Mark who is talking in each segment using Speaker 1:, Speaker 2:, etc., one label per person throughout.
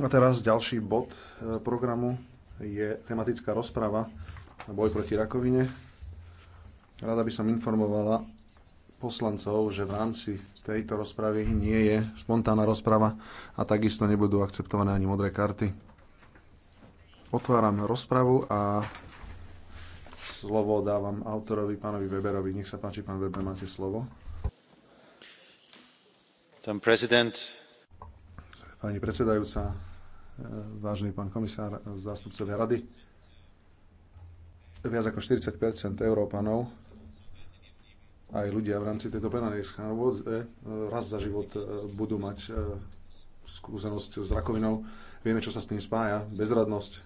Speaker 1: A teraz ďalší bod e, programu je tematická rozprava na boj proti rakovine. Rada by som informovala poslancov, že v rámci tejto rozpravy nie je spontánna rozprava a takisto nebudú akceptované ani modré karty. Otváram rozpravu a slovo dávam autorovi, pánovi Weberovi. Nech sa páči, pán Weber, máte slovo. Pán prezident. Pani predsedajúca, vážený pán komisár, zástupcovia rady. Viac ako 40 Európanov, aj ľudia v rámci tejto penálnej schôdze, e, raz za život e, budú mať e, skúsenosť s rakovinou. Vieme, čo sa s tým spája. Bezradnosť,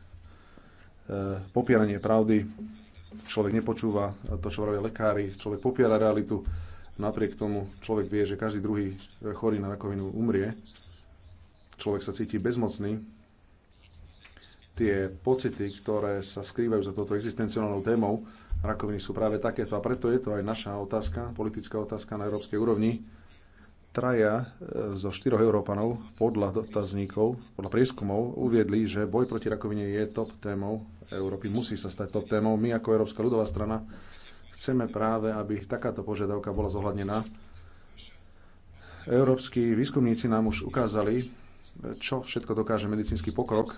Speaker 1: popieranie pravdy, človek nepočúva to, čo hovoria lekári, človek popiera realitu. Napriek tomu človek vie, že každý druhý chorý na rakovinu umrie. Človek sa cíti bezmocný, tie pocity, ktoré sa skrývajú za touto existenciálnou témou rakoviny sú práve takéto. A preto je to aj naša otázka, politická otázka na európskej úrovni. Traja e, zo štyroch Európanov podľa dotazníkov, podľa prieskumov uviedli, že boj proti rakovine je top témou Európy, musí sa stať top témou. My ako Európska ľudová strana chceme práve, aby takáto požiadavka bola zohľadnená. Európsky výskumníci nám už ukázali, čo všetko dokáže medicínsky pokrok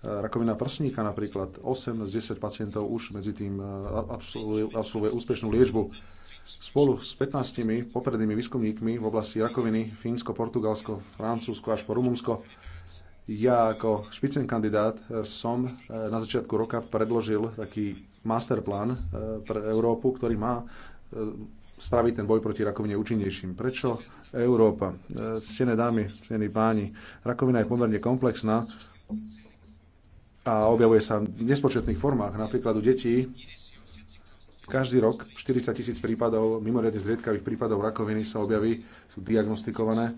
Speaker 1: Eh, rakovina prsníka napríklad, 8 z 10 pacientov už medzi tým eh, absolvuje, absolvuje úspešnú liečbu. Spolu s 15 poprednými výskumníkmi v oblasti rakoviny Fínsko, Portugalsko, Francúzsko až po Rumunsko ja ako špicen kandidát eh, som na začiatku roka predložil taký masterplan pre Európu, ktorý má spraviť ten boj proti rakovine účinnejším. Prečo Európa? Ctené dámy, ctení páni, rakovina je pomerne komplexná a objavuje sa v nespočetných formách, napríklad u detí. Každý rok 40 tisíc prípadov, mimoriadne zriedkavých prípadov rakoviny sa objaví, sú diagnostikované.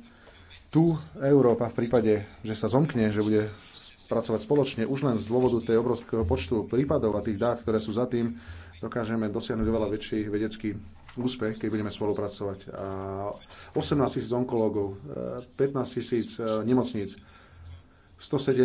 Speaker 1: Tu Európa v prípade, že sa zomkne, že bude pracovať spoločne, už len z dôvodu tej obrovského počtu prípadov a tých dát, ktoré sú za tým, dokážeme dosiahnuť oveľa väčší vedecký úspech, keď budeme spolupracovať. 18 tisíc onkológov, 15 eh, tisíc eh, nemocníc, 107 eh,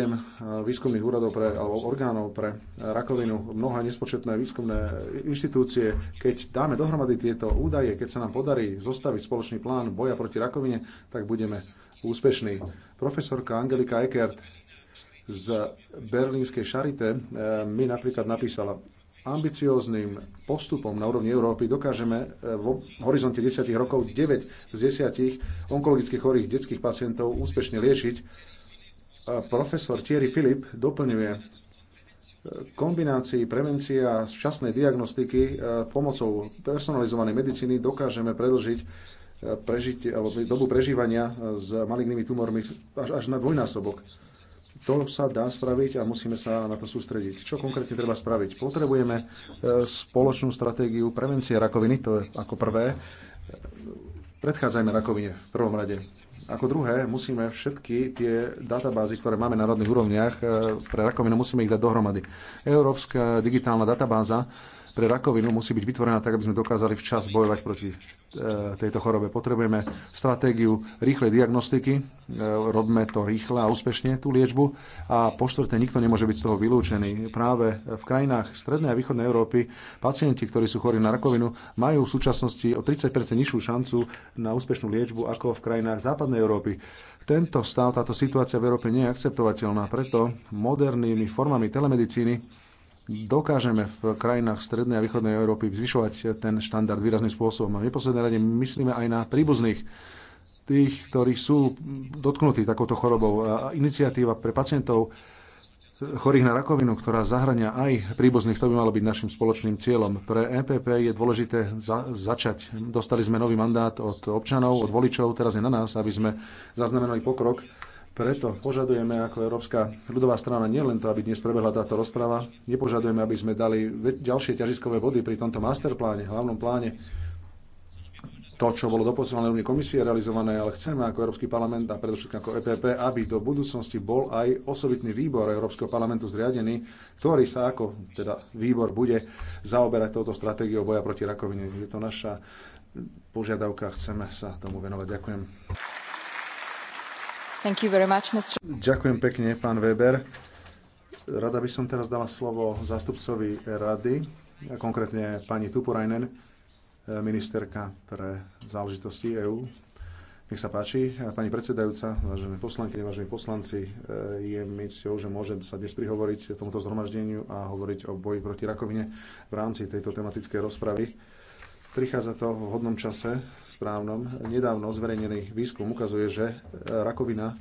Speaker 1: výskumných úradov pre, alebo orgánov pre rakovinu, mnohé nespočetné výskumné inštitúcie. Keď dáme dohromady tieto údaje, keď sa nám podarí zostaviť spoločný plán boja proti rakovine, tak budeme úspešní. Profesorka Angelika Eckert z berlínskej Charité eh, mi napríklad napísala, ambicióznym postupom na úrovni Európy dokážeme eh, v horizonte 10 rokov 9 z 10 onkologických chorých detských pacientov úspešne liečiť profesor Thierry Filip doplňuje e, kombinácii prevencie a včasnej diagnostiky e, pomocou personalizovanej medicíny dokážeme predlžiť e, alebo dobu prežívania s malignými tumormi až, až na dvojnásobok. To sa dá spraviť a musíme sa na to sústrediť. Čo konkrétne treba spraviť? Potrebujeme spoločnú stratégiu prevencie rakoviny, to je ako prvé. Predchádzajme rakovine v prvom rade ako druhé, musíme všetky tie databázy, ktoré máme na národných úrovniach e, pre rakovinu, musíme ich dať dohromady. Európska digitálna databáza pre rakovinu musí byť vytvorená tak, aby sme dokázali včas bojovať proti e, tejto chorobe. Potrebujeme stratégiu rýchlej diagnostiky, e, robme to rýchle a úspešne, tú liečbu. A po štvrté, nikto nemôže byť z toho vylúčený. Práve v krajinách Strednej a Východnej Európy pacienti, ktorí sú chorí na rakovinu, majú v súčasnosti o 30 nižšiu šancu na úspešnú liečbu ako v krajinách Západnej Európy. Tento stav, táto situácia v Európe nie je akceptovateľná, preto modernými formami telemedicíny dokážeme v krajinách strednej a východnej Európy zvyšovať ten štandard výrazným spôsobom. A v neposlednej rade myslíme aj na príbuzných, tých, ktorí sú dotknutí takouto chorobou. A iniciatíva pre pacientov chorých na rakovinu, ktorá zahrania aj príbuzných, to by malo byť našim spoločným cieľom. Pre MPP e je dôležité za- začať. Dostali sme nový mandát od občanov, od voličov, teraz je na nás, aby sme zaznamenali pokrok preto požadujeme ako Európska ľudová strana nielen to, aby dnes prebehla táto rozprava, nepožadujeme, aby sme dali ďalšie ťažiskové body pri tomto masterpláne, hlavnom pláne, to, čo bolo doposlané na úrovni komisie realizované, ale chceme ako Európsky parlament a predovšetkým ako EPP, aby do budúcnosti bol aj osobitný výbor Európskeho parlamentu zriadený, ktorý sa ako teda výbor bude zaoberať touto stratégiou boja proti rakovine. Je to naša požiadavka, chceme sa tomu venovať. Ďakujem. Much, Ďakujem pekne, pán Weber. Rada by som teraz dala slovo zástupcovi rady, konkrétne pani Tuporajnen, eh, ministerka pre záležitosti EÚ. Nech sa páči. Eh, pani predsedajúca, vážené poslanky, vážení poslanci, eh, je mi cťou, že môžem sa dnes prihovoriť tomuto zhromaždeniu a hovoriť o boji proti rakovine v rámci tejto tematickej rozpravy. Prichádza to v hodnom čase, správnom. Nedávno zverejnený výskum ukazuje, že e, rakovina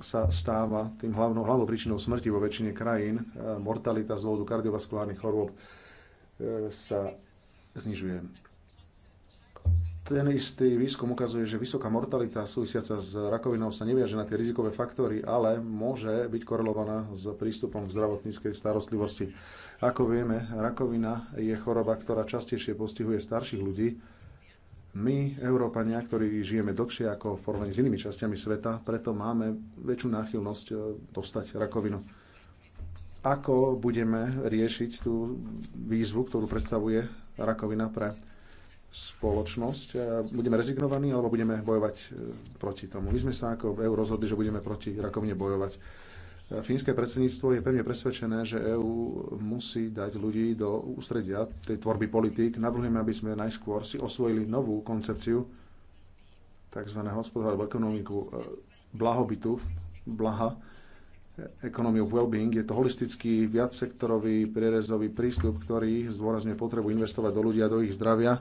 Speaker 1: sa stáva tým hlavnou, hlavnou príčinou smrti vo väčšine krajín. E, mortalita z dôvodu kardiovaskulárnych chorôb e, sa znižuje ten istý výskum ukazuje, že vysoká mortalita súvisiaca s rakovinou sa neviaže na tie rizikové faktory, ale môže byť korelovaná s prístupom k zdravotníckej starostlivosti. Ako vieme, rakovina je choroba, ktorá častejšie postihuje starších ľudí. My, Európania, ktorí žijeme dlhšie ako v porovnaní s inými časťami sveta, preto máme väčšiu náchylnosť e, dostať rakovinu. Ako budeme riešiť tú výzvu, ktorú predstavuje rakovina pre spoločnosť. E, budeme rezignovaní alebo budeme bojovať e, proti tomu? My sme sa ako EU rozhodli, že budeme proti rakovine bojovať. E, fínske predsedníctvo je pevne presvedčené, že EÚ musí dať ľudí do ústredia tej tvorby politík. Navrhujeme, aby sme najskôr si osvojili novú koncepciu tzv. hospodárstva alebo ekonomiku blahobytu, blaha, ekonomiu of Wellbeing. Je to holistický, viacsektorový, prierezový prístup, ktorý zdôrazne potrebu investovať do ľudia, do ich zdravia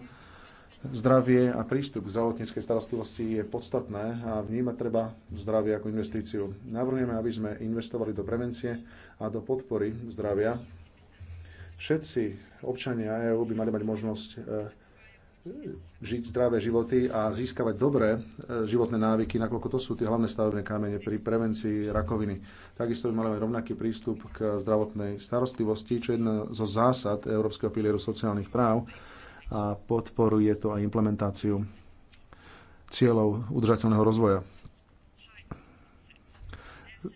Speaker 1: Zdravie a prístup k zdravotníckej starostlivosti je podstatné a vnímať treba zdravie ako investíciu. Navrhujeme, aby sme investovali do prevencie a do podpory zdravia. Všetci občania EÚ by mali mať možnosť e, žiť zdravé životy a získavať dobré e, životné návyky, nakoľko to sú tie hlavné stavebné kamene pri prevencii rakoviny. Takisto by mali mať rovnaký prístup k zdravotnej starostlivosti, čo je jedna zo zásad Európskeho pilieru sociálnych práv a podporuje to aj implementáciu cieľov udržateľného rozvoja.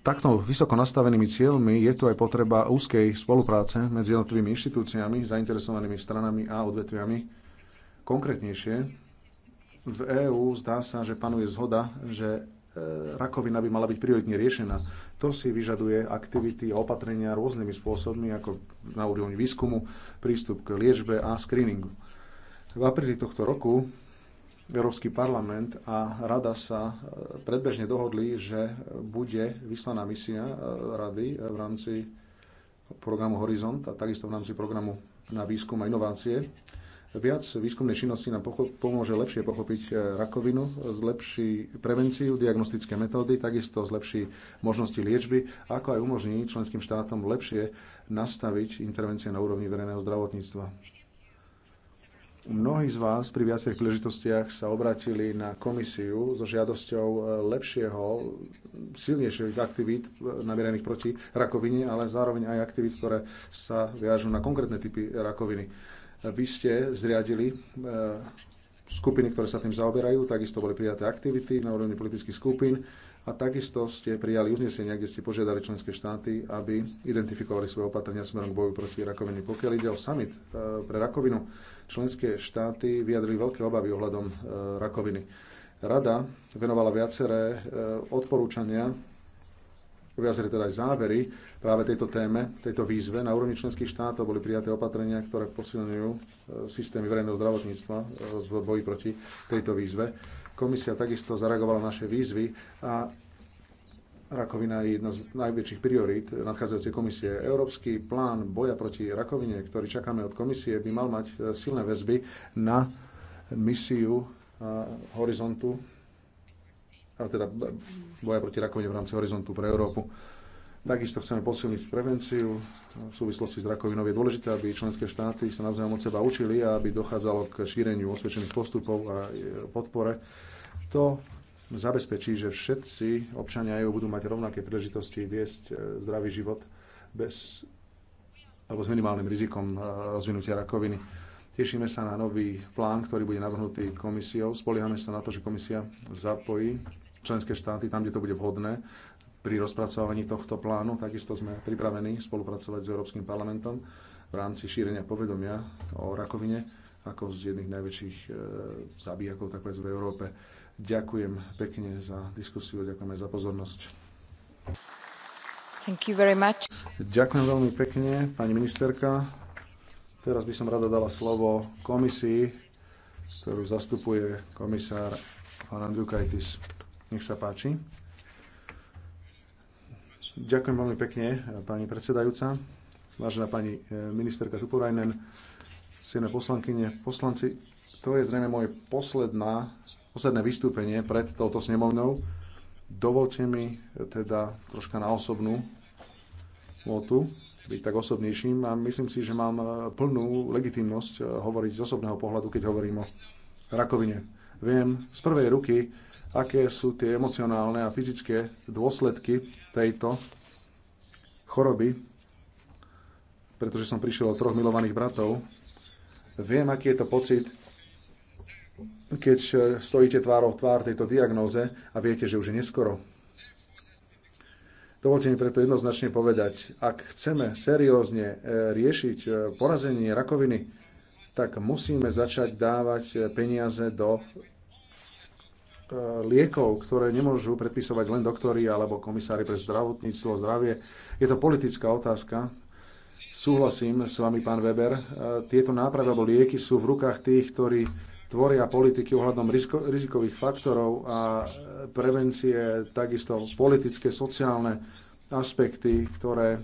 Speaker 1: Takto vysoko nastavenými cieľmi je tu aj potreba úzkej spolupráce medzi jednotlivými inštitúciami, zainteresovanými stranami a odvetviami. Konkrétnejšie, v EÚ zdá sa, že panuje zhoda, že e, rakovina by mala byť prioritne riešená. To si vyžaduje aktivity a opatrenia rôznymi spôsobmi, ako na úrovni výskumu, prístup k liečbe a screeningu. V apríli tohto roku Európsky parlament a rada sa e, predbežne dohodli, že bude vyslaná misia e, rady v rámci programu Horizont a takisto v rámci programu na výskum a inovácie. Viac výskumnej činnosti nám pomôže lepšie pochopiť e, rakovinu, zlepší prevenciu, diagnostické metódy, takisto zlepší možnosti liečby, ako aj umožní členským štátom lepšie nastaviť intervencie na úrovni verejného zdravotníctva Mnohí z vás pri viacerých príležitostiach sa obratili na komisiu so žiadosťou e, lepšieho, silnejších aktivít e, namierených proti rakovine, ale zároveň aj aktivít, ktoré sa viažú na konkrétne typy rakoviny. E, vy ste zriadili skupiny, ktoré sa tým zaoberajú, takisto boli prijaté aktivity na úrovni politických skupín a takisto ste prijali uznesenia, kde ste požiadali členské štáty, aby identifikovali svoje opatrenia smerom k boju proti rakovine. Pokiaľ ide o summit e, pre rakovinu, členské štáty vyjadrili veľké obavy ohľadom e, rakoviny. Rada venovala viaceré e, odporúčania, viaceré teda aj závery práve tejto téme, tejto výzve. Na úrovni členských štátov boli prijaté opatrenia, ktoré posilňujú systémy verejného zdravotníctva v boji proti tejto výzve Komisia takisto zareagovala na naše výzvy a rakovina je jedna z najväčších priorít nadchádzajúcej komisie. Európsky plán boja proti rakovine, ktorý čakáme od komisie, by mal mať e, silné väzby na misiu e, horizontu, teda boja proti rakovine v rámci horizontu pre Európu. Takisto chceme posilniť prevenciu v súvislosti s rakovinou. Je dôležité, aby členské štáty sa navzájom od seba učili a aby dochádzalo k šíreniu osvedčených postupov a podpore. To zabezpečí, že všetci občania EU budú mať rovnaké príležitosti viesť e, zdravý život bez, alebo s minimálnym rizikom e, rozvinutia rakoviny. Tešíme sa na nový plán, ktorý bude navrhnutý komisiou. Spoliehame sa na to, že komisia zapojí členské štáty tam, kde to bude vhodné, pri rozpracovaní tohto plánu. Takisto sme pripravení spolupracovať s Európskym parlamentom v rámci šírenia povedomia o rakovine ako z jedných najväčších e, zabijakov, takové v Európe. Ďakujem pekne za diskusiu, ďakujem aj za pozornosť.
Speaker 2: Thank you very much.
Speaker 1: Ďakujem veľmi pekne, pani ministerka. Teraz by som rada dala slovo komisii, ktorú zastupuje komisár pán Andriukaitis. Nech sa páči. Ďakujem veľmi pekne, pani predsedajúca, vážená pani eh, ministerka Tuporajnen, silné poslankyne, poslanci. To je zrejme moje posledná, posledné vystúpenie pred touto snemovnou. Dovolte mi eh, teda troška na osobnú notu, byť tak osobnejším a myslím si, že mám eh, plnú legitimnosť hovoriť z osobného pohľadu, keď hovorím o rakovine. Viem z prvej ruky, aké sú tie emocionálne a fyzické dôsledky tejto choroby, pretože som prišiel od troch milovaných bratov. Viem, aký je to pocit, keď stojíte tvárou v tvár tejto diagnóze a viete, že už je neskoro. Dovolte mi preto jednoznačne povedať, ak chceme seriózne e, riešiť e, porazenie rakoviny, tak musíme začať dávať e, peniaze do E, liekov, ktoré nemôžu predpisovať len doktori alebo komisári pre zdravotníctvo, zdravie. Je to politická otázka. Súhlasím s vami, pán Weber. E, tieto nápravy alebo lieky sú v rukách tých, ktorí tvoria politiky ohľadom rizikových faktorov a e, prevencie, takisto politické, sociálne aspekty, ktoré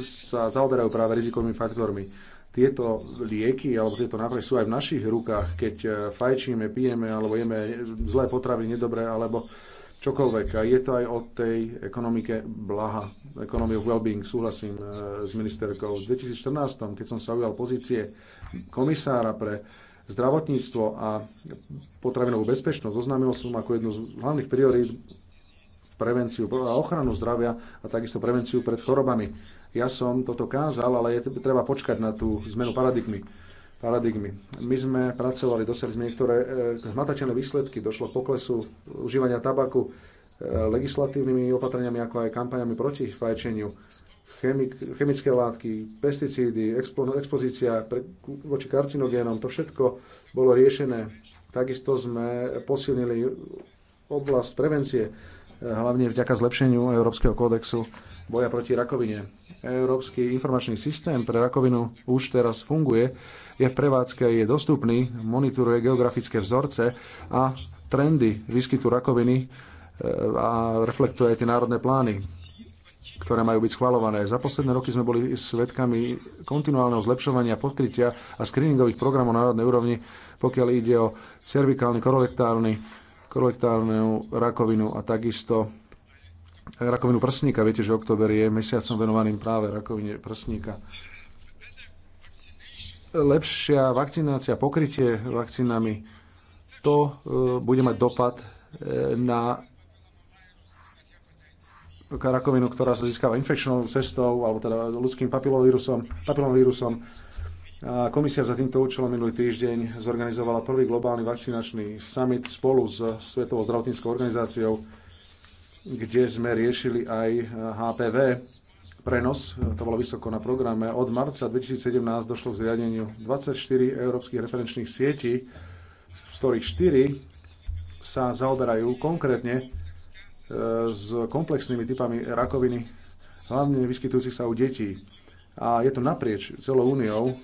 Speaker 1: sa zaoberajú práve rizikovými faktormi tieto lieky alebo tieto nápoje sú aj v našich rukách, keď e, fajčíme, pijeme alebo jeme zlé potraviny, nedobré alebo čokoľvek. A je to aj o tej ekonomike blaha, ekonomie well-being, súhlasím e, s ministerkou. V 2014, keď som sa ujal pozície komisára pre zdravotníctvo a potravinovú bezpečnosť, oznámil som ako jednu z hlavných priorít prevenciu a ochranu zdravia a takisto prevenciu pred chorobami ja som toto kázal, ale je treba počkať na tú zmenu paradigmy. paradigmy. My sme pracovali, dosiahli sme niektoré zmatačené e, výsledky. Došlo k poklesu užívania tabaku e, legislatívnymi opatreniami, ako aj kampaniami proti fajčeniu. Chemik, chemické látky, pesticídy, expo, expozícia pre, voči karcinogénom, to všetko bolo riešené. Takisto sme posilnili oblasť prevencie, e, hlavne vďaka zlepšeniu Európskeho kódexu boja proti rakovine. Európsky informačný systém pre rakovinu už teraz funguje, je v prevádzke, je dostupný, monitoruje geografické vzorce a trendy výskytu rakoviny e, a reflektuje aj tie národné plány ktoré majú byť schvalované. Za posledné roky sme boli svedkami kontinuálneho zlepšovania podkrytia a screeningových programov na národnej úrovni, pokiaľ ide o cervikálny, korolektárny, korolektárnu rakovinu a takisto rakovinu prsníka. Viete, že október je mesiacom venovaným práve rakovine prsníka. Lepšia vakcinácia, pokrytie vakcínami, to e, bude mať dopad e, na rakovinu, ktorá sa získava infekčnou cestou, alebo teda ľudským papilovírusom, papilovírusom. A komisia za týmto účelom minulý týždeň zorganizovala prvý globálny vakcinačný summit spolu s Svetovou zdravotníckou organizáciou kde sme riešili aj HPV eh, prenos, to bolo vysoko na programe. Od marca 2017 došlo k zriadeniu 24 európskych referenčných sietí, z ktorých 4 sa zaoberajú konkrétne eh, s komplexnými typami rakoviny, hlavne vyskytujúcich sa u detí. A je to naprieč celou úniou.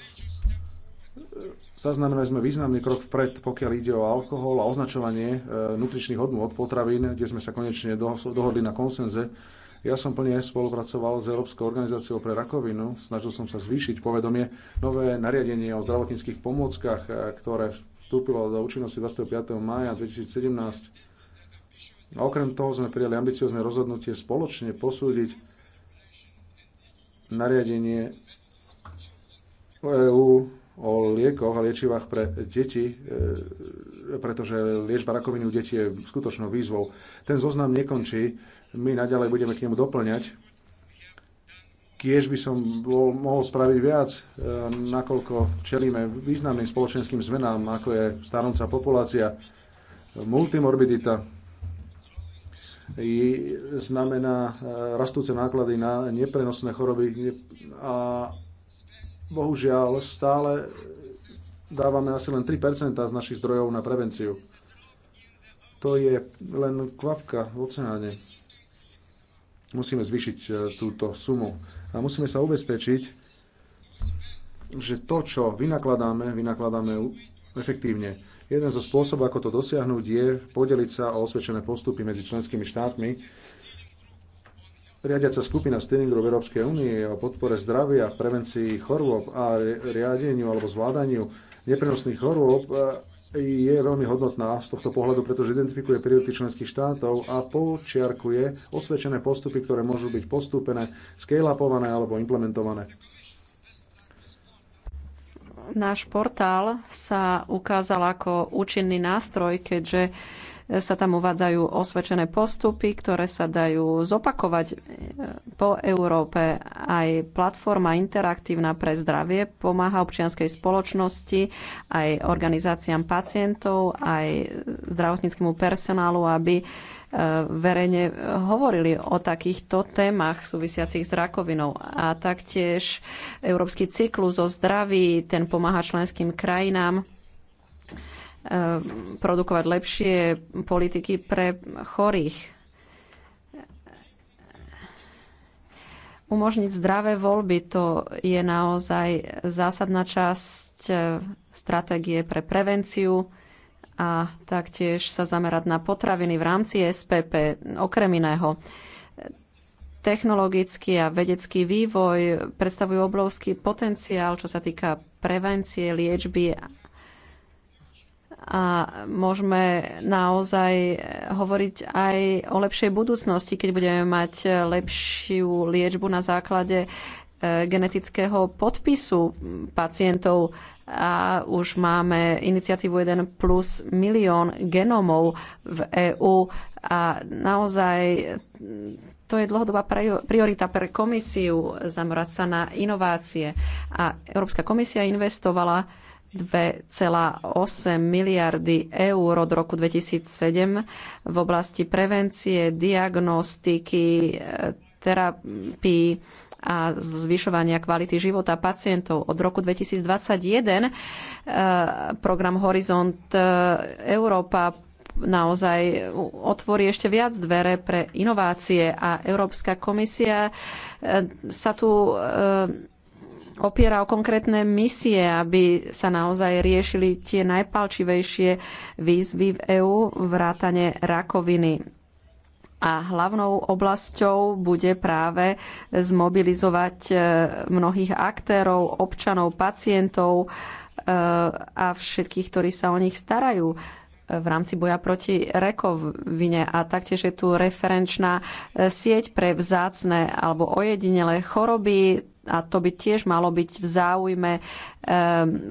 Speaker 1: Zaznamenali sme významný krok vpred, pokiaľ ide o alkohol a označovanie e, nutričných hodnôt potravín, kde sme sa konečne dohodli na konsenze. Ja som plne spolupracoval s Európskou organizáciou pre rakovinu, snažil som sa zvýšiť povedomie. Nové nariadenie o zdravotníckých pomôckach, e, ktoré vstúpilo do účinnosti 25. maja 2017. A okrem toho sme prijali ambiciozne rozhodnutie spoločne posúdiť nariadenie EU o liekoch a liečivách pre deti, e, pretože liečba rakoviny u detí je skutočnou výzvou. Ten zoznam nekončí, my naďalej budeme k nemu doplňať. Kiež by som bol, mohol spraviť viac, e, nakoľko čelíme významným spoločenským zmenám, ako je starnúca populácia, multimorbidita, znamená e, rastúce náklady na neprenosné choroby a bohužiaľ stále dávame asi len 3% z našich zdrojov na prevenciu. To je len kvapka v oceáne. Musíme zvýšiť e, túto sumu a musíme sa ubezpečiť, že to, čo vynakladáme, vynakladáme efektívne. Jeden zo spôsobov, ako to dosiahnuť, je podeliť sa o osvedčené postupy medzi členskými štátmi, Riadiaca skupina Steeringrov Európskej únie o podpore zdravia, prevencii chorôb a riadeniu alebo zvládaniu neprenosných chorôb e, je veľmi hodnotná z tohto pohľadu, pretože identifikuje priority členských štátov a počiarkuje osvedčené postupy, ktoré môžu byť postúpené, scale-upované alebo implementované.
Speaker 2: Náš portál sa ukázal ako účinný nástroj, keďže sa tam uvádzajú osvedčené postupy, ktoré sa dajú zopakovať e, po Európe. Aj platforma interaktívna pre zdravie pomáha občianskej spoločnosti, aj organizáciám pacientov, aj zdravotníckému personálu, aby e, verejne hovorili o takýchto témach súvisiacich s rakovinou. A taktiež Európsky cyklus o zdraví, ten pomáha členským krajinám Eh, produkovať lepšie politiky pre chorých. Umožniť zdravé voľby to je naozaj zásadná časť eh, stratégie pre prevenciu a taktiež sa zamerať na potraviny v rámci SPP, okrem iného technologický a vedecký vývoj predstavujú obrovský potenciál, čo sa týka prevencie, liečby a môžeme naozaj hovoriť aj o lepšej budúcnosti, keď budeme mať lepšiu liečbu na základe e, genetického podpisu pacientov a už máme iniciatívu 1 plus milión genomov v EÚ a naozaj to je dlhodobá priorita pre komisiu zamerať sa na inovácie. A Európska komisia investovala 2,8 miliardy eur od roku 2007 v oblasti prevencie, diagnostiky, terapii a zvyšovania kvality života pacientov. Od roku 2021 eh, program Horizont eh, Európa naozaj otvorí ešte viac dvere pre inovácie a Európska komisia eh, sa tu opiera o konkrétne misie, aby sa naozaj riešili tie najpalčivejšie výzvy v EÚ, vrátane rakoviny a hlavnou oblasťou bude práve zmobilizovať e, mnohých aktérov, občanov, pacientov e, a všetkých, ktorí sa o nich starajú e, v rámci boja proti rekovine a taktiež je tu referenčná sieť pre vzácne alebo ojedinelé choroby a to by tiež malo byť v záujme eh,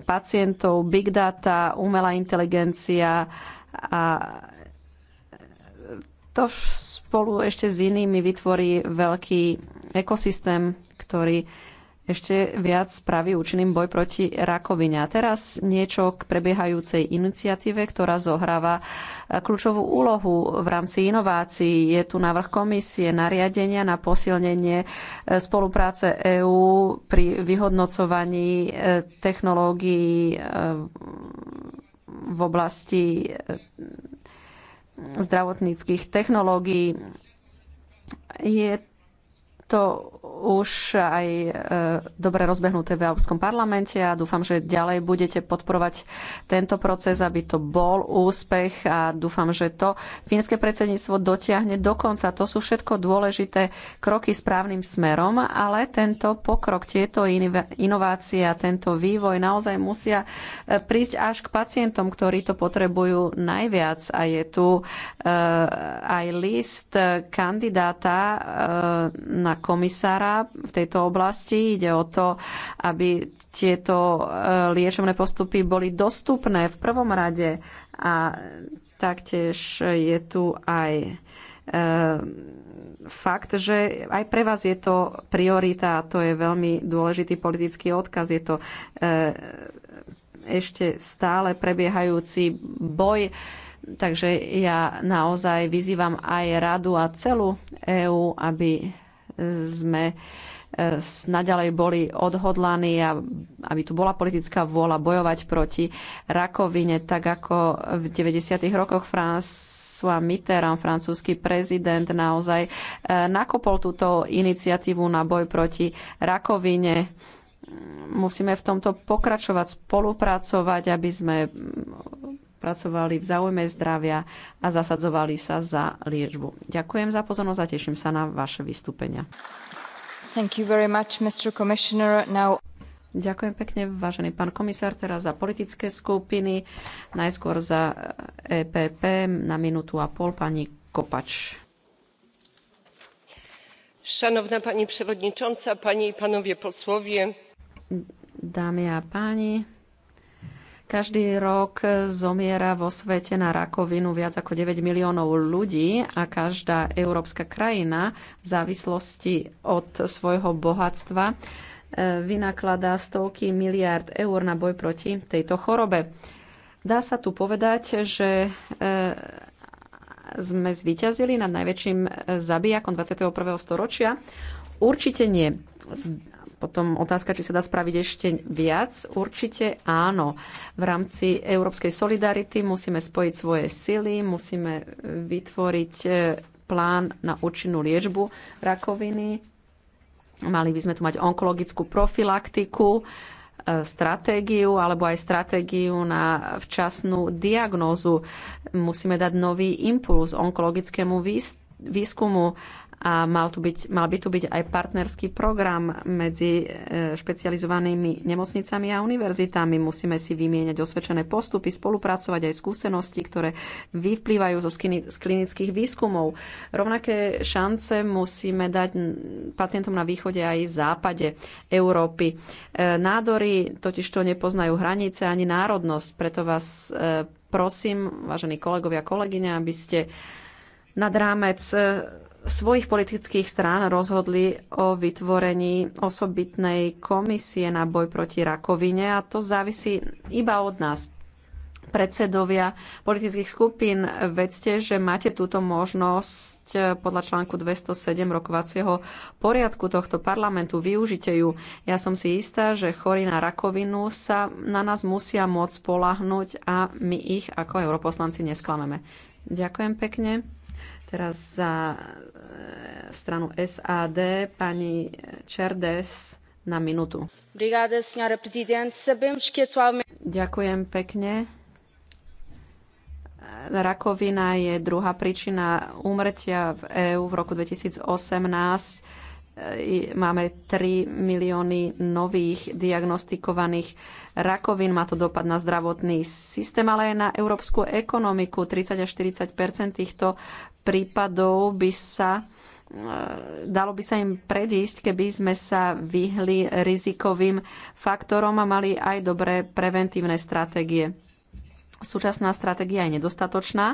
Speaker 2: pacientov, big data, umelá inteligencia a to spolu ešte s inými vytvorí veľký ekosystém, ktorý ešte viac spraví účinným boj proti rakovine. A teraz niečo k prebiehajúcej iniciatíve, ktorá zohráva e, kľúčovú úlohu v rámci inovácií. Je tu návrh komisie nariadenia na posilnenie e, spolupráce EÚ pri vyhodnocovaní e, technológií v oblasti zdravotníckých technológií. Je to už aj e, dobre rozbehnuté v Európskom parlamente a dúfam, že ďalej budete podporovať tento proces, aby to bol úspech a dúfam, že to fínske predsedníctvo dotiahne do konca. To sú všetko dôležité kroky správnym smerom, ale tento pokrok, tieto inovácie a tento vývoj naozaj musia e, prísť až k pacientom, ktorí to potrebujú najviac. A je tu e, aj list kandidáta na komisára v tejto oblasti. Ide o to, aby tieto e, liečebné postupy boli dostupné v prvom rade a taktiež je tu aj e, fakt, že aj pre vás je to priorita a to je veľmi dôležitý politický odkaz. Je to e, ešte stále prebiehajúci boj. Takže ja naozaj vyzývam aj radu a celú EÚ, aby sme e, naďalej boli odhodlaní a aby tu bola politická vôľa bojovať proti rakovine, tak ako v 90. rokoch François Mitterrand, francúzsky prezident, naozaj e, nakopol túto iniciatívu na boj proti rakovine. Musíme v tomto pokračovať, spolupracovať, aby sme pracovali v záujme zdravia a zasadzovali sa za liečbu. Ďakujem za pozornosť a teším sa na vaše vystúpenia. Thank you very much, Mr. Commissioner. Now... Ďakujem pekne, vážený pán komisár, teraz za politické skupiny, najskôr za EPP eh, e na minútu a pol pani Kopač. Szanowna pani przewodnicząca, panie i panowie posłowie. Dámy a páni, každý rok zomiera vo svete na rakovinu viac ako 9 miliónov ľudí a každá európska krajina v závislosti od svojho bohatstva e, vynakladá stovky miliárd eur na boj proti tejto chorobe. Dá sa tu povedať, že e, sme zvíťazili nad najväčším e, zabijakom 21. storočia? Určite nie. Potom otázka, či sa dá spraviť ešte viac. Určite áno. V rámci európskej solidarity musíme spojiť svoje sily, musíme e, vytvoriť e, plán na účinnú liečbu rakoviny. Mali by sme tu mať onkologickú profilaktiku, e, stratégiu alebo aj stratégiu na včasnú diagnózu. Musíme dať nový impuls onkologickému výskumu a mal, tu byť, mal by tu byť aj partnerský program medzi e, špecializovanými nemocnicami a univerzitami. Musíme si vymieňať osvedčené postupy, spolupracovať aj skúsenosti, ktoré vyplývajú zo z klinických výskumov. Rovnaké šance musíme dať pacientom na východe aj západe Európy. E, nádory totiž to nepoznajú hranice ani národnosť, preto vás e, prosím, vážení kolegovia a kolegyne, aby ste nad rámec svojich politických strán rozhodli o vytvorení osobitnej komisie na boj proti rakovine a to závisí iba od nás. Predsedovia politických skupín, vedzte, že máte túto možnosť eh, podľa článku 207 rokovacieho poriadku tohto parlamentu. Využite ju. Ja som si istá, že chorí na rakovinu sa na nás musia môcť spolahnuť a my ich ako europoslanci nesklameme. Ďakujem pekne. Teraz za e, stranu SAD pani Čerdes na minútu. Ďakujem pekne. Rakovina je druhá príčina úmrtia v EÚ v roku 2018. Máme 3 milióny nových diagnostikovaných rakovín. Má to dopad na zdravotný systém, ale aj na európsku ekonomiku. 30 až 40 týchto prípadov by sa e, dalo by sa im predísť, keby sme sa vyhli rizikovým faktorom a mali aj dobré preventívne stratégie. Súčasná stratégia je nedostatočná,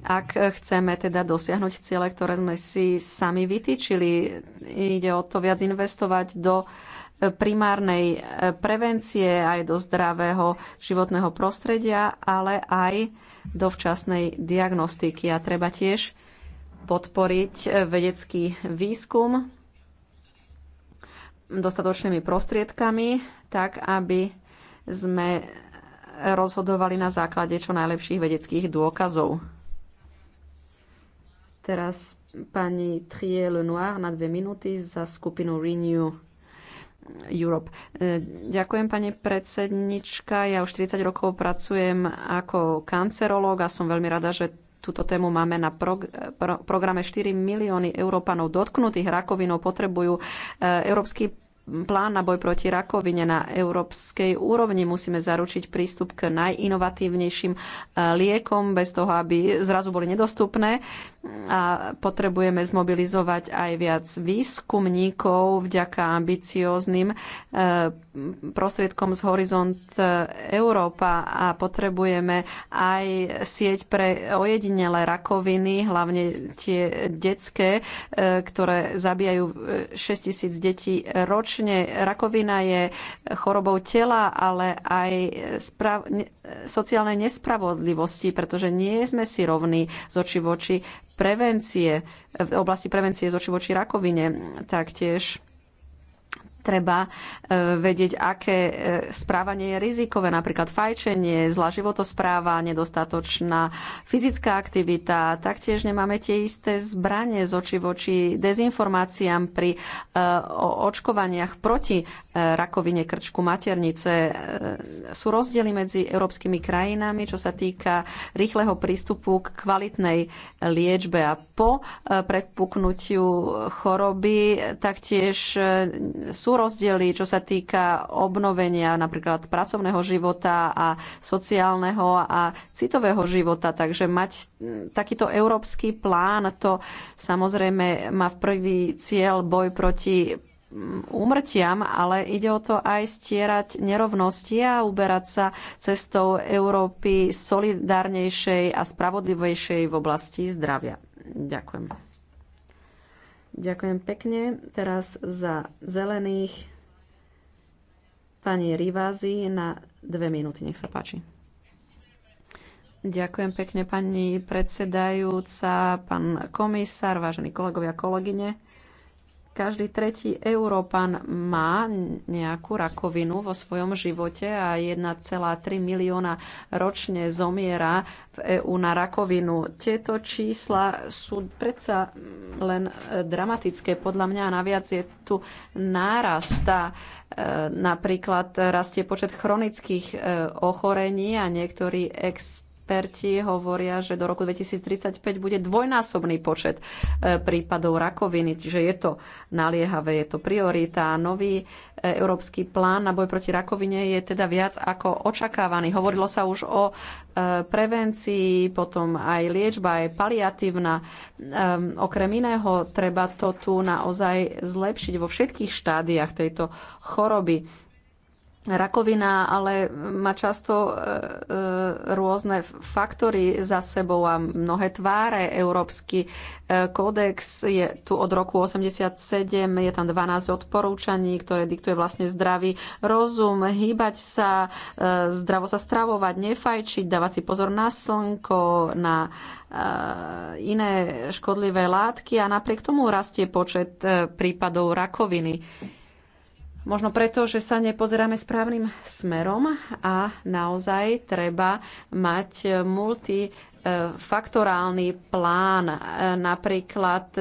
Speaker 2: ak chceme teda dosiahnuť ciele, ktoré sme si sami vytýčili. Ide o to viac investovať do primárnej e, prevencie aj do zdravého životného prostredia, ale aj do včasnej diagnostiky a treba tiež podporiť eh, vedecký výskum dostatočnými prostriedkami, tak aby sme rozhodovali na základe čo najlepších vedeckých dôkazov. Teraz pani Trier Lenoir na dve minúty za skupinu Renew. Europe. E, ďakujem, pani predsednička. Ja už 30 rokov pracujem ako kancerológ a som veľmi rada, že túto tému máme na prog- pro- programe 4 milióny Európanov dotknutých rakovinou potrebujú e, európsky plán na boj proti rakovine na európskej úrovni. Musíme zaručiť prístup k najinovatívnejším e, liekom bez toho, aby zrazu boli nedostupné a potrebujeme zmobilizovať aj viac výskumníkov vďaka ambiciózným e, prostriedkom z Horizont Európa a potrebujeme aj sieť pre ojedinelé rakoviny, hlavne tie detské, e, ktoré zabíjajú 6000 e, detí ročne. Rakovina je chorobou tela, ale aj sociálnej nespravodlivosti, pretože nie sme si rovní z oči v oči prevencie, v oblasti prevencie z voči rakovine, taktiež treba e, vedieť, aké e, správanie je rizikové, napríklad fajčenie, zlá životospráva, nedostatočná fyzická aktivita. Taktiež nemáme tie isté zbranie z oči voči dezinformáciám pri e, očkovaniach proti rakovine krčku maternice. Sú rozdiely medzi európskymi krajinami, čo sa týka rýchleho prístupu k kvalitnej liečbe a po predpuknutiu choroby taktiež sú rozdiely, čo sa týka obnovenia napríklad pracovného života a sociálneho a citového života. Takže mať mm, takýto európsky plán, to samozrejme má v prvý cieľ boj proti mm, úmrtiam, ale ide o to aj stierať nerovnosti a uberať sa cestou Európy solidárnejšej a spravodlivejšej v oblasti zdravia. Ďakujem. Ďakujem pekne. Teraz za zelených pani Rivázy na dve minúty. Nech sa páči. Ďakujem pekne, pani predsedajúca, pán komisár, vážení kolegovia, kolegyne. Každý tretí Európan má nejakú rakovinu vo svojom živote a 1,3 milióna ročne zomiera v EÚ na rakovinu. Tieto čísla sú predsa len e, dramatické. Podľa mňa naviac je tu nárasta e, napríklad rastie počet chronických e, ochorení a niektorí ex experti hovoria, že do roku 2035 bude dvojnásobný počet e, prípadov rakoviny, čiže je to naliehavé, je to priorita. Nový e, európsky plán na boj proti rakovine je teda viac ako očakávaný. Hovorilo sa už o e, prevencii, potom aj liečba, aj paliatívna. Okrem iného, treba to tu naozaj zlepšiť vo všetkých štádiách tejto choroby rakovina, ale má často e, e, rôzne faktory za sebou a mnohé tváre. Európsky e, kódex je tu od roku 87, je tam 12 odporúčaní, ktoré diktuje vlastne zdravý rozum, hýbať sa, zdravo sa stravovať, nefajčiť, dávať si pozor na slnko, na iné škodlivé látky a napriek tomu rastie počet prípadov rakoviny. Možno preto, že sa nepozeráme správnym smerom a naozaj treba mať multifaktorálny plán, napríklad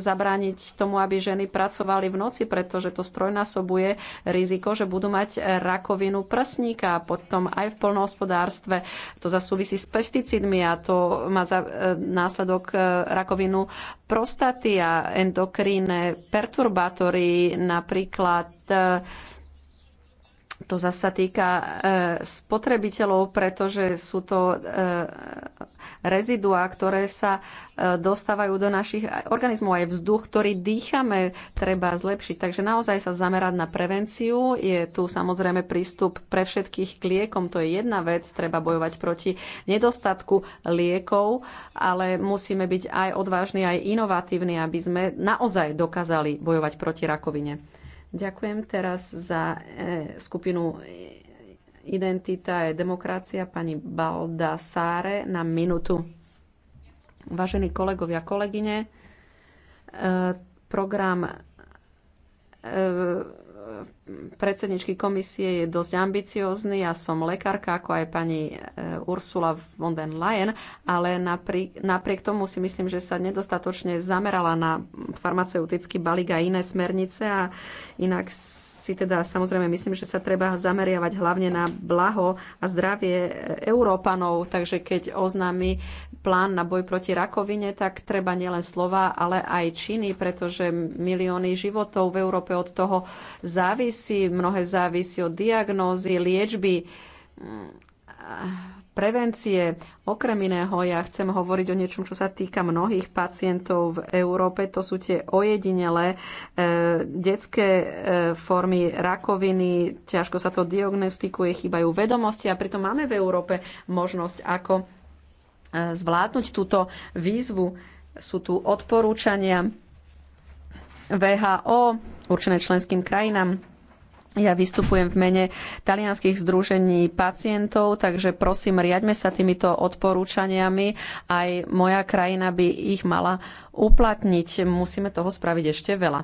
Speaker 2: zabrániť tomu, aby ženy pracovali v noci, pretože to strojnásobuje riziko, že budú mať rakovinu prsníka a potom aj v polnohospodárstve. To zasúvisí s pesticidmi, a to má za e, následok e, rakovinu prostaty a endokrínne perturbátory, napríklad e, to zasa týka e, spotrebiteľov, pretože sú to e, reziduá, ktoré sa e, dostávajú do našich organizmov. Aj vzduch, ktorý dýchame, treba zlepšiť. Takže naozaj sa zamerať na prevenciu. Je tu samozrejme prístup pre všetkých k liekom. To je jedna vec. Treba bojovať proti nedostatku liekov, ale musíme byť aj odvážni, aj inovatívni, aby sme naozaj dokázali bojovať proti rakovine. Ďakujem teraz za e, skupinu Identita a demokracia pani Balda Sáre na minutu. Vážení kolegovia, kolegyne, e, program e, predsedničky komisie je dosť ambiciózny. Ja som lekárka, ako aj pani e, Ursula von den Leyen, ale napriek, napriek tomu si myslím, že sa nedostatočne zamerala na farmaceutický balík a iné smernice a inak si teda samozrejme myslím, že sa treba zameriavať hlavne na blaho a zdravie Európanov. Takže keď oznámi plán na boj proti rakovine, tak treba nielen slova, ale aj činy, pretože milióny životov v Európe od toho závisí. Mnohé závisí od diagnózy, liečby prevencie. Okrem iného, ja chcem hovoriť o niečom, čo sa týka mnohých pacientov v Európe. To sú tie ojedinelé e, detské e, formy rakoviny. Ťažko sa to diagnostikuje, chýbajú vedomosti a pritom máme v Európe možnosť, ako e, zvládnuť túto výzvu. Sú tu odporúčania VHO určené členským krajinám ja vystupujem v mene talianských združení pacientov, takže prosím, riadme sa týmito odporúčaniami. Aj moja krajina by ich mala uplatniť. Musíme toho spraviť ešte veľa.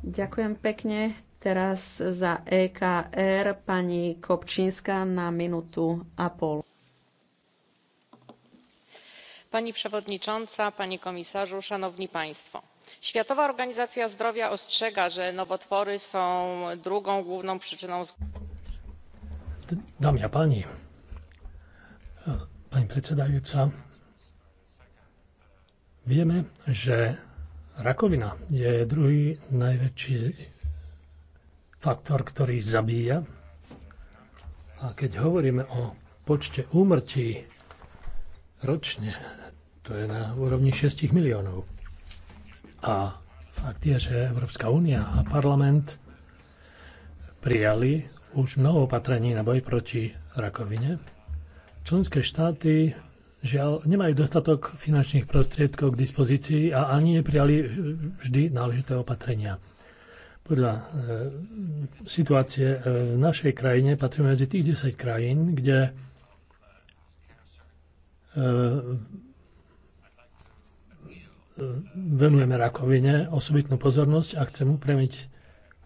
Speaker 2: Ďakujem pekne. Teraz za EKR pani Kopčínska na minútu a pol. Pani przewodnicząca, panie komisarzu, szanowni państwo światowa organizacja zdrowia ostrzega że nowotwory są drugą główną przyczyną.
Speaker 3: Dámy a páni, pani predsedajúca, vieme, že rakovina je druhý najväčší faktor, ktorý zabíja. A keď hovoríme o počte úmrtí ročne, to je na úrovni 6 miliónov. A fakt je, že Európska únia a parlament prijali už mnoho opatrení na boj proti rakovine. Členské štáty žiaľ nemajú dostatok finančných prostriedkov k dispozícii a ani neprijali vždy náležité opatrenia. Podľa e, situácie e, v našej krajine patríme medzi tých 10 krajín, kde e, venujeme rakovine osobitnú pozornosť a chcem upremiť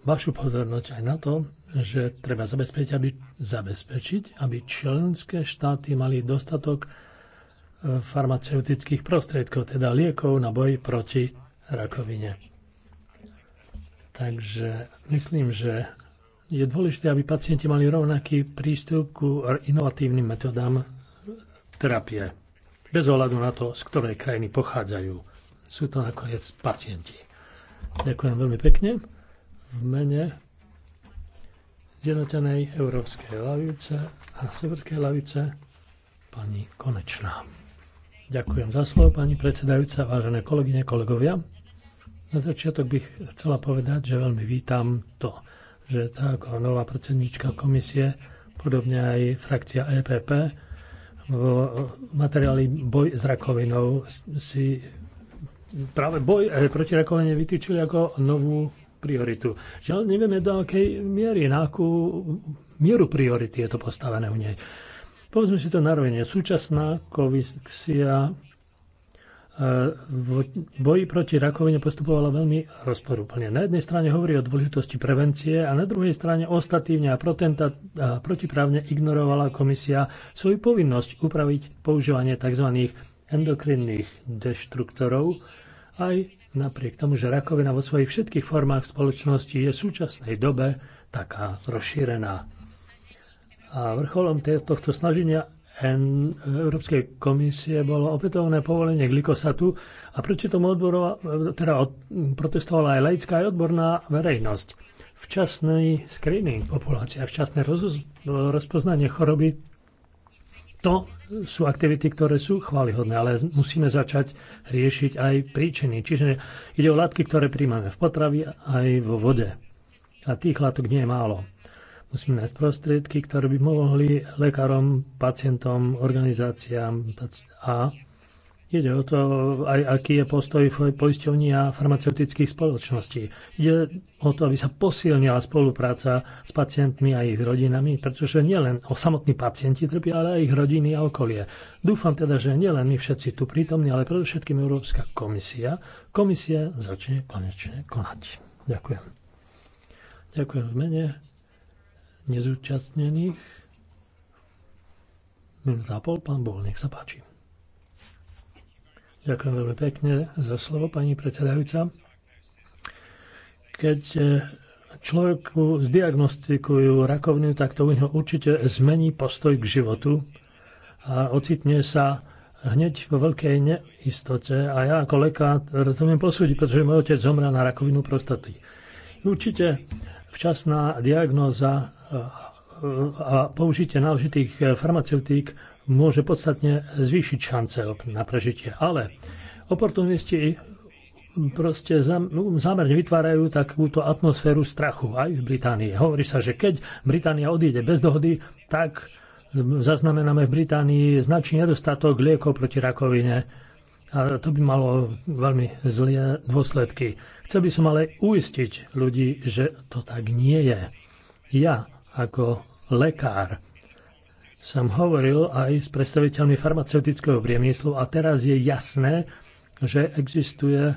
Speaker 3: vašu pozornosť aj na to, že treba zabezpečiť, aby, zabezpečiť, aby členské štáty mali dostatok e, farmaceutických prostriedkov, teda liekov na boj proti rakovine. Takže myslím, že je dôležité, aby pacienti mali rovnaký prístup ku inovatívnym metodám terapie, bez ohľadu na to, z ktorej krajiny pochádzajú sú to nakoniec pacienti. Ďakujem veľmi pekne. V mene zjednotenej Európskej lavice a Severskej lavice pani Konečná. Ďakujem za slovo, pani predsedajúca, vážené kolegyne, kolegovia. Na začiatok bych chcela povedať, že veľmi vítam to, že tá ako nová predsednička komisie, podobne aj frakcia EPP, v materiáli Boj s rakovinou si práve boj e, proti rakovine vytýčili ako novú prioritu. Že nevieme do akej miery, na akú mieru priority je to postavené u nej. Povedzme si to na rovine. Súčasná komisia e, v boji proti rakovine postupovala veľmi rozporúplne. Na jednej strane hovorí o dôležitosti prevencie a na druhej strane ostatívne a protiprávne ignorovala komisia svoju povinnosť upraviť používanie tzv endokrinných deštruktorov, aj napriek tomu, že rakovina vo svojich všetkých formách spoločnosti je v súčasnej dobe taká rozšírená. A vrcholom tohto snaženia Európskej komisie bolo opätovné povolenie glikosatu a proti tomu odborova, teda od, protestovala aj laická aj odborná verejnosť. Včasný screening populácia, včasné roz, rozpoznanie choroby to sú aktivity, ktoré sú chválihodné, ale musíme začať riešiť aj príčiny. Čiže ide o látky, ktoré príjmame v potravi aj vo vode. A tých látok nie je málo. Musíme nájsť prostriedky, ktoré by mohli lekárom, pacientom, organizáciám a Ide o to, aj aký je postoj poisťovní a farmaceutických spoločností. Ide o to, aby sa posilnila spolupráca s pacientmi a ich rodinami, pretože nielen o samotní pacienti trpia, ale aj ich rodiny a okolie. Dúfam teda, že nielen my všetci tu prítomní, ale predovšetkým Európska komisia, komisia začne konečne konať. Ďakujem. Ďakujem v mene nezúčastnených. Minúta a pol, pán Bol, nech sa páči. Ďakujem veľmi pekne za slovo, pani predsedajúca. Keď e, človeku zdiagnostikujú rakovinu, tak to u neho určite zmení postoj k životu a ocitne sa hneď vo veľkej neistote a ja ako lekár to viem posúdiť, pretože môj otec zomrel na rakovinu prostaty. Určite včasná diagnóza e, a použitie náležitých farmaceutík môže podstatne zvýšiť šance na prežitie. Ale oportunisti proste no, zámerne vytvárajú takúto atmosféru strachu aj v Británii. Hovorí sa, že keď Británia odíde bez dohody, tak zaznamenáme v Británii značný nedostatok liekov proti rakovine a to by malo veľmi zlé dôsledky. Chcel by som ale uistiť ľudí, že to tak nie je. Ja ako lekár som hovoril aj s predstaviteľmi farmaceutického priemyslu a teraz je jasné, že existuje e,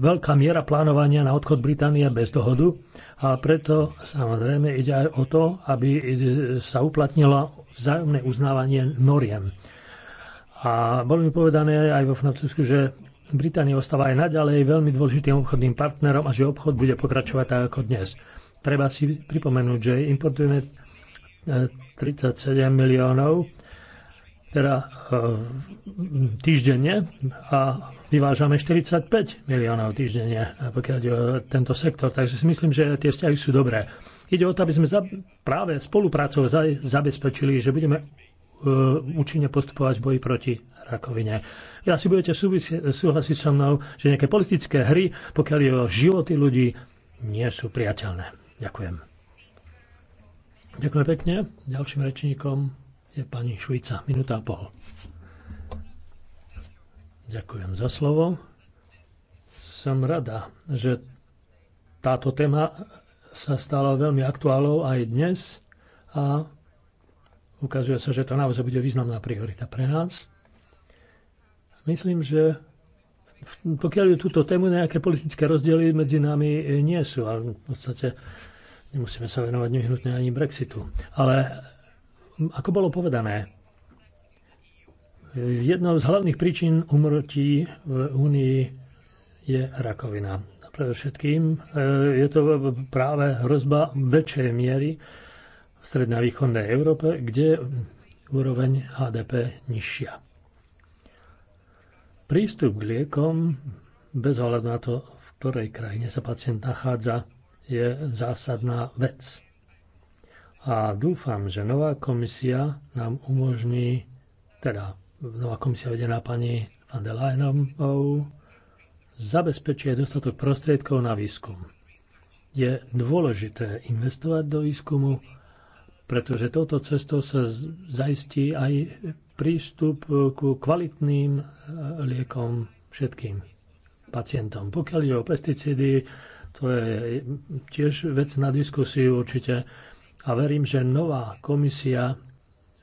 Speaker 3: veľká miera plánovania na odchod Británie bez dohodu a preto samozrejme ide aj o to, aby sa uplatnilo vzájomné uznávanie noriem. A bolo mi povedané aj vo Francúzsku, že Británia ostáva aj naďalej veľmi dôležitým obchodným partnerom a že obchod bude pokračovať tak ako dnes. Treba si pripomenúť, že importujeme e, 37 miliónov teda e, týždenne a vyvážame 45 miliónov týždenne, e, pokiaľ ide o tento sektor. Takže si myslím, že tie vzťahy sú dobré. Ide o to, aby sme za, práve spoluprácou za, zabezpečili, že budeme uh, účinne postupovať v boji proti rakovine. Ja si budete súhlasiť so mnou, že nejaké politické hry, pokiaľ je o životy ľudí, nie sú priateľné. Ďakujem. Ďakujem pekne. Ďalším rečníkom je pani Švica. Minúta a pol. Ďakujem za slovo. Som rada, že táto téma sa stala veľmi aktuálou aj dnes a ukazuje sa, že to naozaj bude významná priorita pre nás. Myslím, že pokiaľ je túto tému nejaké politické rozdiely medzi nami nie sú a v podstate Nemusíme sa venovať nehnutne ani Brexitu. Ale ako bolo povedané, jednou z hlavných príčin umrtí v Únii je rakovina. A všetkým e, je to práve hrozba väčšej miery v strednej a východnej Európe, kde je úroveň HDP nižšia. Prístup k liekom, bez ohľadu na to, v ktorej krajine sa pacient nachádza, je zásadná vec. A dúfam, že nová komisia nám umožní, teda nová komisia vedená pani van der Leyenovou, zabezpečuje dostatok prostriedkov na výskum. Je dôležité investovať do výskumu, pretože touto cestou sa zaistí aj prístup ku kvalitným e, liekom všetkým pacientom. Pokiaľ je o pesticídy, to je tiež vec na diskusiu určite. A verím, že nová komisia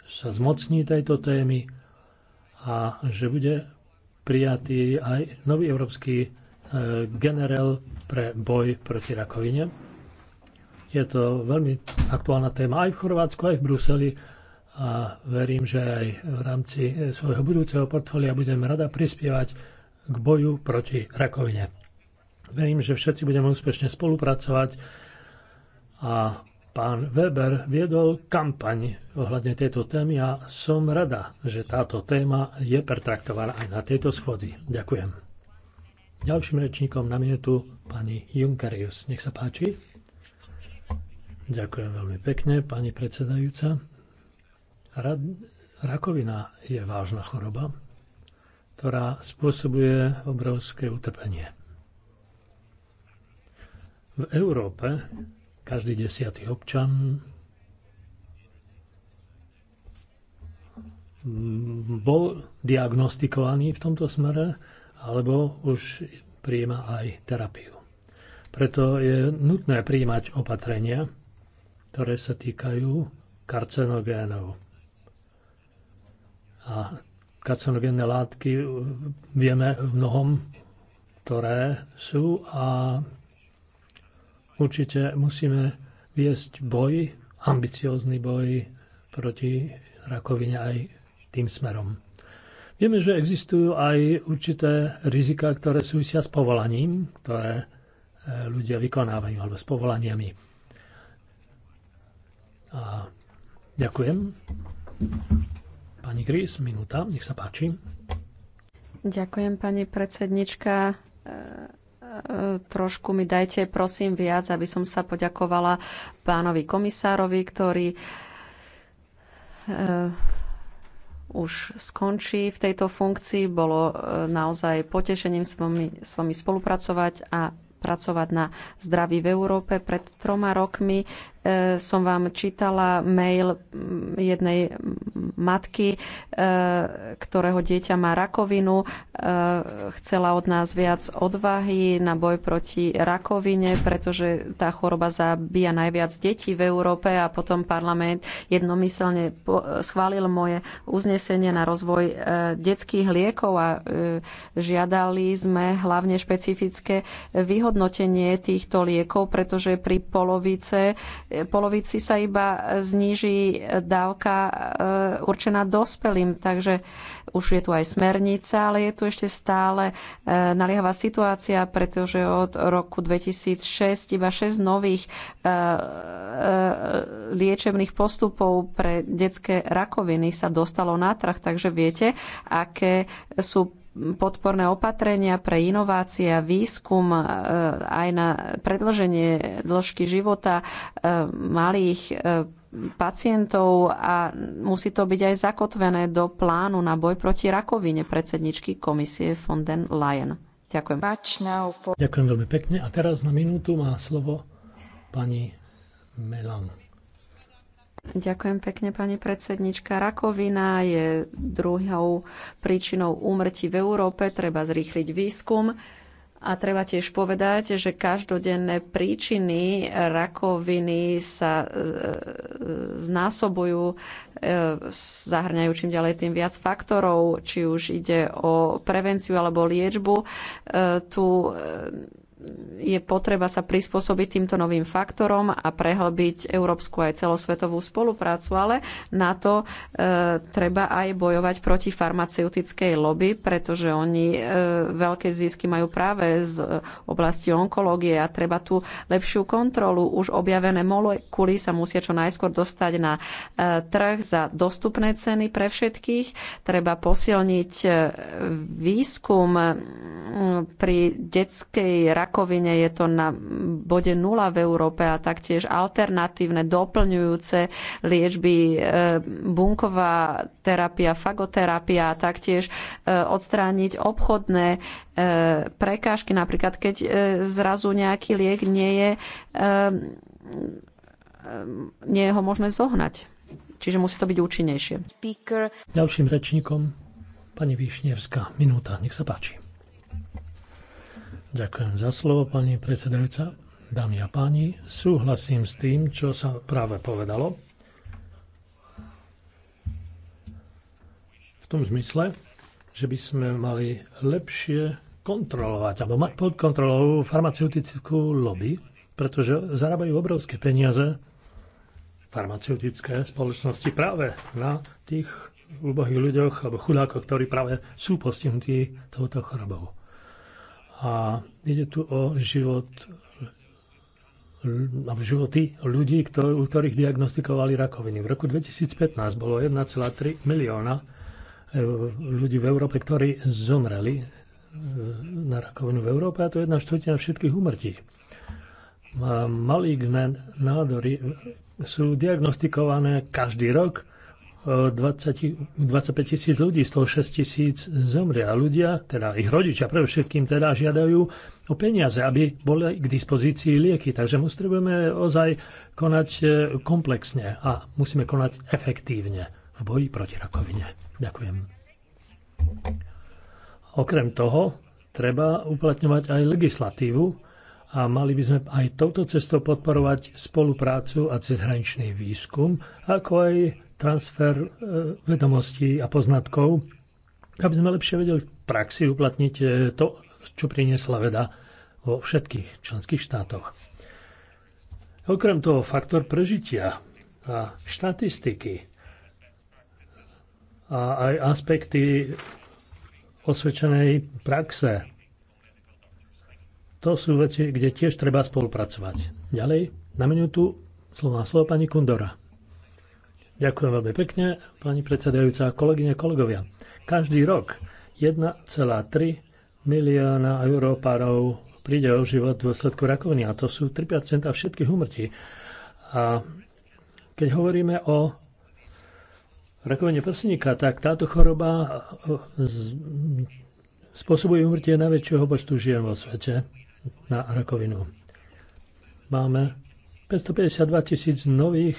Speaker 3: sa zmocní tejto témy a že bude prijatý aj nový európsky e, generál pre boj proti rakovine. Je to veľmi aktuálna téma aj v Chorvátsku, aj v Bruseli a verím, že aj v rámci e, svojho budúceho portfólia budem rada prispievať k boju proti rakovine. Verím, že všetci budeme úspešne spolupracovať a pán Weber viedol kampaň ohľadne tejto témy a som rada, že táto téma je pertraktovaná aj na tejto schodzi. Ďakujem. Ďalším rečníkom na minútu pani Junkerius. Nech sa páči. Ďakujem veľmi pekne, pani predsedajúca. Rad, rakovina je vážna choroba, ktorá spôsobuje obrovské utrpenie. V Európe každý desiatý občan bol diagnostikovaný v tomto smere alebo už prijíma aj terapiu. Preto je nutné prijímať opatrenia, ktoré sa týkajú karcinogénov. A karcinogénne látky vieme v mnohom, ktoré sú a Určite musíme viesť boj, ambiciózny boj proti rakovine aj tým smerom. Vieme, že existujú aj určité rizika, ktoré súvisia s povolaním, ktoré e, ľudia vykonávajú, alebo s povolaniami. A ďakujem. Pani Gris, minúta, nech sa páči.
Speaker 2: Ďakujem, pani predsednička. E, trošku mi dajte prosím viac, aby som sa poďakovala pánovi komisárovi, ktorý e, už skončí v tejto funkcii. Bolo e, naozaj potešením s vami, s vami spolupracovať a pracovať na zdraví v Európe. Pred troma rokmi e, som vám čítala mail jednej matky, e, ktorého dieťa má rakovinu. E, chcela od nás viac odvahy na boj proti rakovine, pretože tá choroba zabíja najviac detí v Európe a potom parlament jednomyselne schválil moje uznesenie na rozvoj e, detských liekov a žiadali sme hlavne špecifické vyhodnotenie týchto liekov, pretože pri polovice, polovici sa iba zníži dávka určená dospelým, takže už je tu aj smernica, ale je tu ešte stále e, naliehavá situácia, pretože od roku 2006 iba 6 nových e, e, liečebných postupov pre detské rakoviny sa dostalo na trh, takže viete, aké sú podporné opatrenia pre inovácie a výskum e, aj na predlženie dĺžky života e, malých e, pacientov a musí to byť aj zakotvené do plánu na boj proti rakovine predsedničky komisie von den Leyen. Ďakujem.
Speaker 3: Ďakujem veľmi pekne. A teraz na minútu má slovo pani Melan.
Speaker 2: Ďakujem pekne, pani predsednička. Rakovina je druhou príčinou úmrtí v Európe. Treba zrýchliť výskum. A treba tiež povedať, že každodenné príčiny rakoviny sa e, e, znásobujú, e, zahrňajú čím ďalej tým viac faktorov, či už ide o prevenciu alebo liečbu. Tu je potreba sa prispôsobiť týmto novým faktorom a prehlbiť európsku aj celosvetovú spoluprácu, ale na to e, treba aj bojovať proti farmaceutickej lobby, pretože oni e, veľké zisky majú práve z e, oblasti onkológie a treba tú lepšiu kontrolu. Už objavené molekuly sa musia čo najskôr dostať na e, trh za dostupné ceny pre všetkých. Treba posilniť e, výskum e, pri detskej rakovine rakovine, je to na bode nula v Európe a taktiež alternatívne doplňujúce liečby, e, bunková terapia, fagoterapia a taktiež e, odstrániť obchodné e, prekážky, napríklad keď zrazu nejaký liek nie je, nie je ho možné zohnať. Čiže musí to byť účinnejšie.
Speaker 3: Speaker. Ďalším rečníkom pani Višňevská. Minúta, nech sa páči. Ďakujem za slovo, pani predsedajúca. Dámy a páni, súhlasím s tým, čo sa práve povedalo. V tom zmysle, že by sme mali lepšie kontrolovať alebo mať pod kontrolou farmaceutickú lobby, pretože zarábajú obrovské peniaze farmaceutické spoločnosti práve na tých ubohých ľuďoch alebo chudákoch, ktorí práve sú postihnutí touto chorobou. A ide tu o život životy ľudí, ktorý, u ktorých diagnostikovali rakoviny. V roku 2015 bolo 1,3 milióna e, ľudí v Európe, ktorí zomreli e, na rakovinu v Európe a to je jedna štvrtina všetkých umrtí. Maligné nádory sú diagnostikované každý rok 20, 25 tisíc ľudí, 106 tisíc zomrie. A ľudia, teda ich rodičia všetkým teda žiadajú o peniaze, aby boli k dispozícii lieky. Takže potrebujeme ozaj konať e, komplexne a musíme konať efektívne v boji proti rakovine. Ďakujem. Okrem toho treba uplatňovať aj legislatívu a mali by sme aj touto cestou podporovať spoluprácu a cezhraničný výskum, ako aj transfer e, vedomostí a poznatkov, aby sme lepšie vedeli v praxi uplatniť e, to, čo priniesla veda vo všetkých členských štátoch. Okrem toho faktor prežitia a štatistiky a aj aspekty osvedčenej praxe. To sú veci, kde tiež treba spolupracovať. Ďalej, na minútu slovo na slovo pani Kundora. Ďakujem veľmi pekne, pani predsedajúca, kolegyne, kolegovia. Každý rok 1,3 milióna Európárov príde o život v dôsledku rakoviny a to sú 3 všetkých umrtí. A keď hovoríme o rakovine prsníka, tak táto choroba e, spôsobuje umrtie najväčšieho počtu žien vo svete na rakovinu. Máme 552 tisíc nových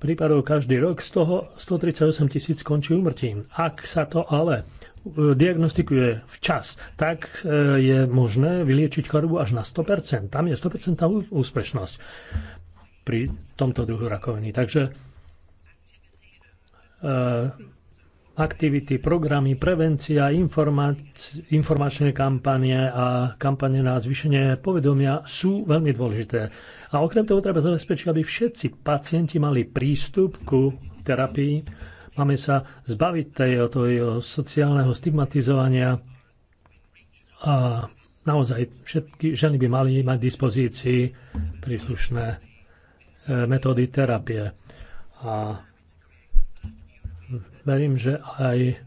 Speaker 3: prípadov každý rok, z toho 138 tisíc končí umrtím. Ak sa to ale e, diagnostikuje včas, tak e, je možné vyliečiť chorobu až na 100%. Tam je 100% úspešnosť pri tomto druhu rakoviny. Takže e, aktivity, programy, prevencia, informačné kampanie a kampanie na zvýšenie povedomia sú veľmi dôležité. A okrem toho treba zabezpečiť, aby všetci pacienti mali prístup ku terapii. Máme sa zbaviť tej, toho sociálneho stigmatizovania a naozaj všetky ženy by mali mať dispozícii príslušné e, metódy terapie. A verím, že aj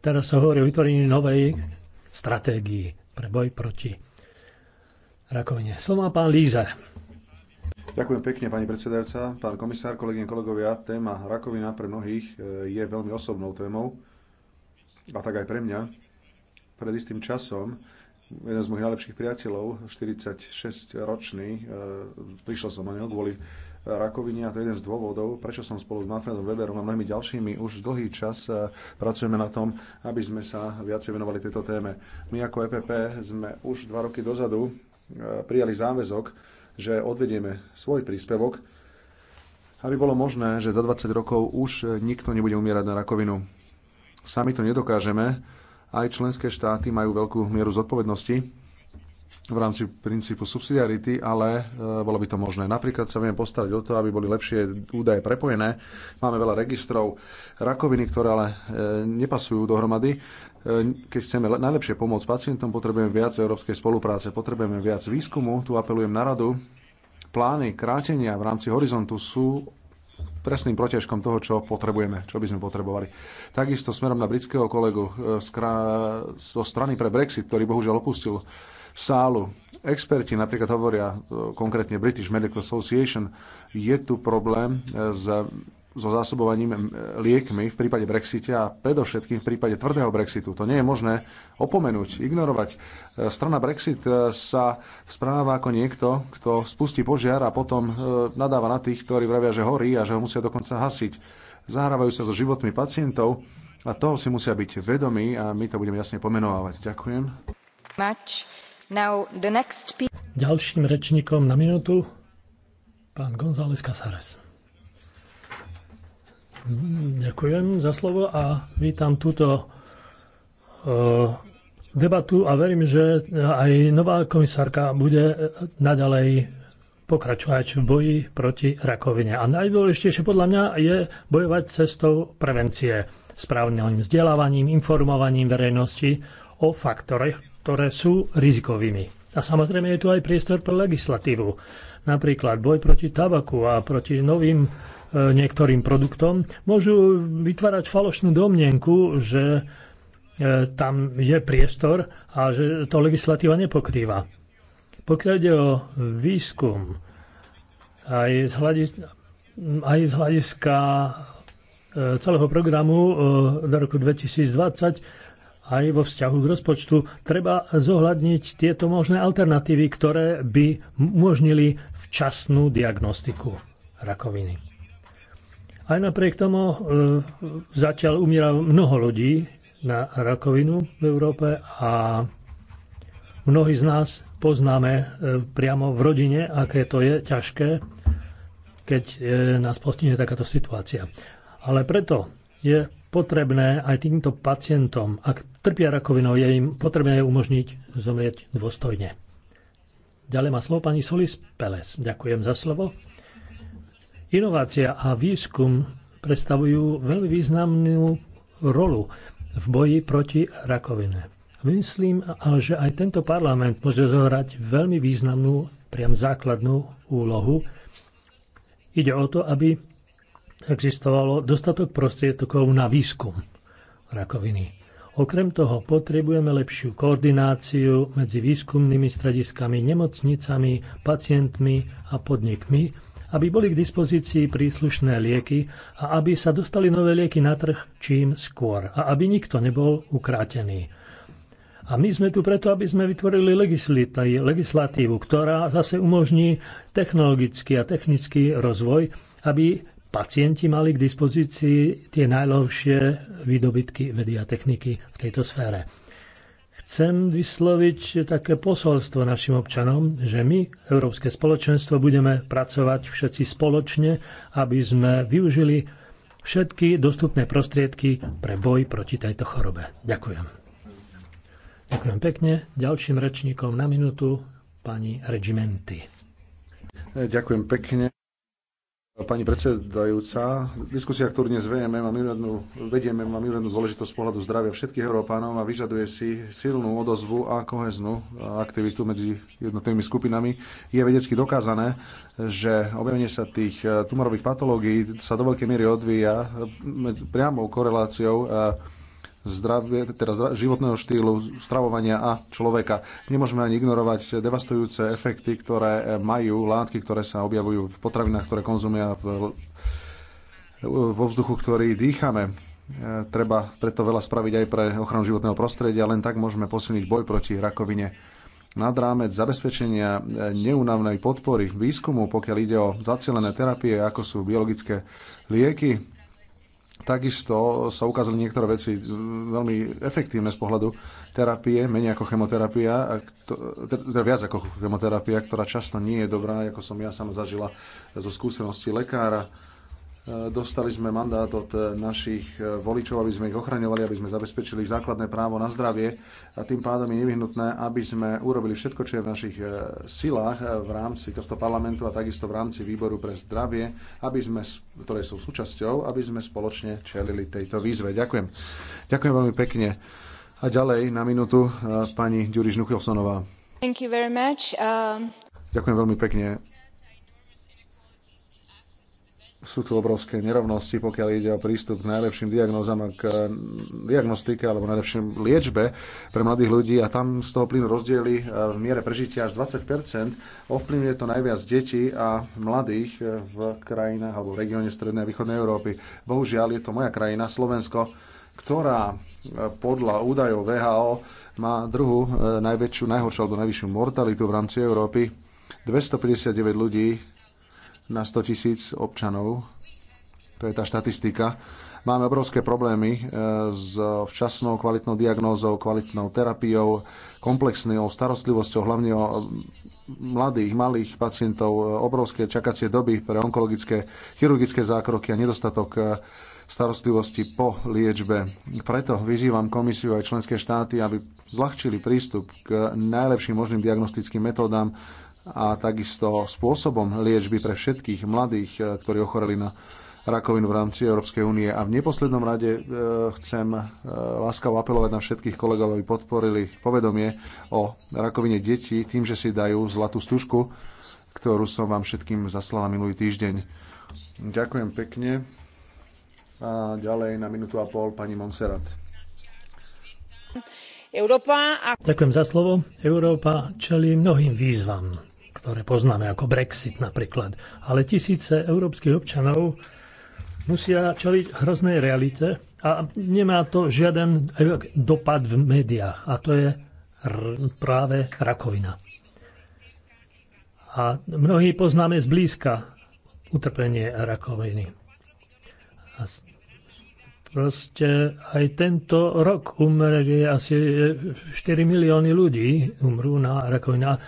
Speaker 3: teraz sa hovorí o vytvorení novej stratégii pre boj proti rakovine. Slovo má pán Líze.
Speaker 1: Ďakujem pekne, pani predsedajúca, pán komisár, kolegyne, kolegovia. Téma rakovina pre mnohých e, je veľmi osobnou témou a tak aj pre mňa. Pred istým časom jeden z mojich najlepších priateľov, 46-ročný, e, prišiel som na neho kvôli rakoviny a to je jeden z dôvodov, prečo som spolu s Manfredom Weberom a mnohými ďalšími už dlhý čas eh, pracujeme na tom, aby sme sa viacej venovali tejto téme. My ako EPP sme už dva roky dozadu eh, prijali záväzok, že odvedieme svoj príspevok, aby bolo možné, že za 20 rokov už eh, nikto nebude umierať na rakovinu. Sami to nedokážeme, aj členské štáty majú veľkú mieru zodpovednosti v rámci princípu subsidiarity, ale e, bolo by to možné. Napríklad sa viem postaviť o to, aby boli lepšie údaje prepojené. Máme veľa registrov rakoviny, ktoré ale e, nepasujú dohromady. E, keď chceme najlepšie pomôcť pacientom, potrebujeme viac európskej spolupráce, potrebujeme viac výskumu. Tu apelujem na radu. Plány krátenia v rámci horizontu sú presným protiažkom toho, čo potrebujeme, čo by sme potrebovali. Takisto smerom na britského kolegu zo strany pre Brexit, ktorý bohužiaľ opustil sálu. Experti napríklad hovoria, e, konkrétne British Medical Association, je tu problém e, s so zásobovaním e, liekmi v prípade Brexite a predovšetkým v prípade tvrdého Brexitu. To nie je možné opomenúť, ignorovať. Strana Brexit sa správa ako niekto, kto spustí požiar a potom nadáva na tých, ktorí vravia, že horí a že ho musia dokonca hasiť. Zahrávajú sa so životmi pacientov a toho si musia byť vedomí a my to budeme jasne pomenovávať. Ďakujem.
Speaker 2: Mač.
Speaker 3: Ďalším rečníkom na minútu pán González Casares. Ďakujem za slovo a vítam túto e, debatu a verím, že aj nová komisárka bude naďalej pokračovať v boji proti rakovine. A najdôležitejšie podľa mňa je bojovať cestou prevencie, správnym vzdelávaním, informovaním verejnosti o faktoroch, ktoré sú rizikovými. A samozrejme je tu aj priestor pre legislatívu. Napríklad boj proti tabaku a proti novým e, niektorým produktom môžu vytvárať falošnú domnenku, že e, tam je priestor a že to legislatíva nepokrýva. Pokiaľ ide o výskum, aj z, hľadis- aj z hľadiska e, celého programu e, do roku 2020 aj vo vzťahu k rozpočtu treba zohľadniť tieto možné alternatívy, ktoré by umožnili včasnú diagnostiku rakoviny. Aj napriek tomu e, zatiaľ umiera mnoho ľudí na rakovinu v Európe a mnohí z nás poznáme e, priamo v rodine, aké to je ťažké, keď e, nás postihne takáto situácia. Ale preto je potrebné aj týmto pacientom, ak trpia rakovinou, je im potrebné umožniť zomrieť dôstojne. Ďalej má slovo pani Solis Peles. Ďakujem za slovo. Inovácia a výskum predstavujú veľmi významnú rolu v boji proti rakovine. Myslím, že aj tento parlament môže zohrať veľmi významnú, priam základnú úlohu. Ide o to, aby existovalo dostatok prostriedkov na výskum rakoviny. Okrem toho potrebujeme lepšiu koordináciu medzi výskumnými strediskami, nemocnicami, pacientmi a podnikmi, aby boli k dispozícii príslušné lieky a aby sa dostali nové lieky na trh čím skôr a aby nikto nebol ukrátený. A my sme tu preto, aby sme vytvorili legislatívu, ktorá zase umožní technologický a technický rozvoj, aby pacienti mali k dispozícii tie najlovšie výdobytky vedy a techniky v tejto sfére. Chcem vysloviť také posolstvo našim občanom, že my, Európske spoločenstvo, budeme pracovať všetci spoločne, aby sme využili všetky dostupné prostriedky pre boj proti tejto chorobe. Ďakujem. Ďakujem pekne. Ďalším rečníkom na minútu pani Regimenti.
Speaker 1: Ďakujem pekne. Pani predsedajúca, diskusia, ktorú dnes vedieme, má mimoriadnú, vedieme, má mimoriadnú dôležitosť z pohľadu zdravia všetkých Európanov a vyžaduje si silnú odozvu a koheznú aktivitu medzi jednotlivými skupinami. Je vedecky dokázané, že objavenie sa tých eh, tumorových patológií sa do veľkej miery odvíja eh, priamou koreláciou eh, zdravie, teda životného štýlu, stravovania a človeka. Nemôžeme ani ignorovať devastujúce efekty, ktoré majú látky, ktoré sa objavujú v potravinách, ktoré konzumia v, vo vzduchu, ktorý dýchame. E, treba preto veľa spraviť aj pre ochranu životného prostredia, len tak môžeme posilniť boj proti rakovine nad rámec zabezpečenia e, neunavnej podpory výskumu, pokiaľ ide o zacielené terapie, ako sú biologické lieky, Takisto sa ukázali niektoré veci veľmi efektívne z pohľadu terapie, menej ako chemoterapia, teda viac ako chemoterapia, ktorá často nie je dobrá, ako som ja sama zažila zo skúsenosti lekára Eh, dostali sme mandát od eh, našich eh, voličov, aby sme ich ochraňovali, aby sme zabezpečili základné právo na zdravie a tým pádom je nevyhnutné, aby sme urobili všetko, čo je v našich silách v rámci tohto parlamentu a takisto v rámci výboru pre zdravie, aby sme, ktoré sú súčasťou, aby sme spoločne čelili tejto výzve. Ďakujem. Ďakujem veľmi pekne. A ďalej na minútu pani Ďuriš Nuchilsonová. Um... Ďakujem veľmi pekne sú tu obrovské nerovnosti, pokiaľ ide o prístup k najlepším a k eh, diagnostike alebo najlepším liečbe pre mladých ľudí a tam z toho plynu rozdiely eh, v miere prežitia až 20 Ovplyvňuje to najviac detí a mladých eh, v krajinách alebo v regióne Strednej a Východnej Európy. Bohužiaľ je to moja krajina, Slovensko, ktorá podľa údajov VHO má druhú najväčšiu, najhoršiu alebo najvyššiu mortalitu v rámci Európy. 259 ľudí na 100 tisíc občanov. To je tá štatistika. Máme obrovské problémy e, s včasnou kvalitnou diagnózou, kvalitnou terapiou, komplexnou starostlivosťou, hlavne o mladých, malých pacientov, e, obrovské čakacie doby pre onkologické, chirurgické zákroky a nedostatok e, starostlivosti po liečbe. Preto vyzývam komisiu aj členské štáty, aby zľahčili prístup k najlepším možným diagnostickým metódám a takisto spôsobom liečby pre všetkých mladých, e, ktorí ochoreli na rakovinu v rámci Európskej únie. A v neposlednom rade e, chcem e, láskavo apelovať na všetkých kolegov, aby podporili povedomie o rakovine detí tým, že si dajú zlatú stužku, ktorú som vám všetkým zaslala minulý týždeň. Ďakujem pekne. A ďalej na minútu a pol pani Monserrat. Európa
Speaker 3: a... Ďakujem za slovo. Európa čelí mnohým výzvam ktoré poznáme ako Brexit napríklad. Ale tisíce európskych občanov musia čeliť hroznej realite a nemá to žiaden dopad v médiách. A to je práve rakovina. A mnohí poznáme zblízka utrpenie rakoviny. A proste aj tento rok umrie asi 4 e, milióny ľudí umrú na rakovina.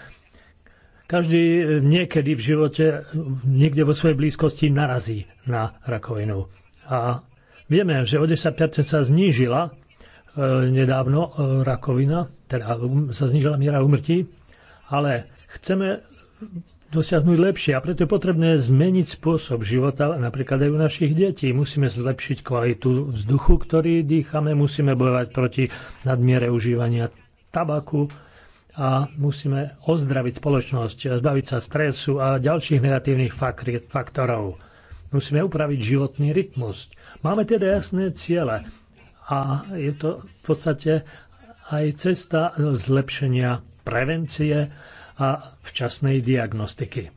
Speaker 3: Každý e, niekedy v živote, e, niekde vo svojej blízkosti narazí na rakovinu. A vieme, že o 10% sa znížila e, nedávno rakovina, teda um, sa znížila miera umrtí, ale chceme dosiahnuť lepšie a preto je potrebné zmeniť spôsob života napríklad aj u našich detí. Musíme zlepšiť kvalitu vzduchu, ktorý dýchame, musíme bojovať proti nadmiere užívania tabaku a musíme ozdraviť spoločnosť, zbaviť sa stresu a ďalších negatívnych faktorov. Musíme upraviť životný rytmus. Máme teda jasné ciele a je to v podstate aj cesta zlepšenia prevencie a včasnej diagnostiky.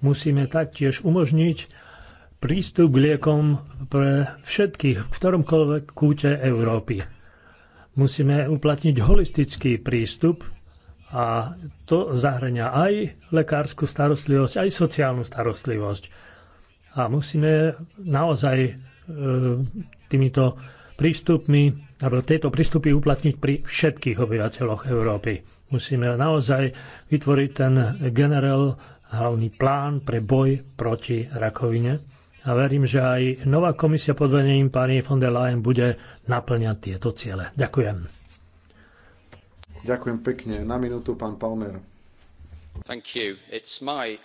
Speaker 3: Musíme taktiež umožniť prístup k liekom pre všetkých v ktoromkoľvek kúte Európy musíme uplatniť holistický prístup a to zahrania aj lekárskú starostlivosť, aj sociálnu starostlivosť. A musíme naozaj e, týmito prístupmi, alebo tieto prístupy uplatniť pri všetkých obyvateľoch Európy. Musíme naozaj vytvoriť ten generál hlavný plán pre boj proti rakovine. A verím, že aj nová komisia pod vedením pani von der Leyen bude naplňať tieto ciele. Ďakujem.
Speaker 1: Ďakujem pekne. Na minútu pán Palmer. Thank you. It's my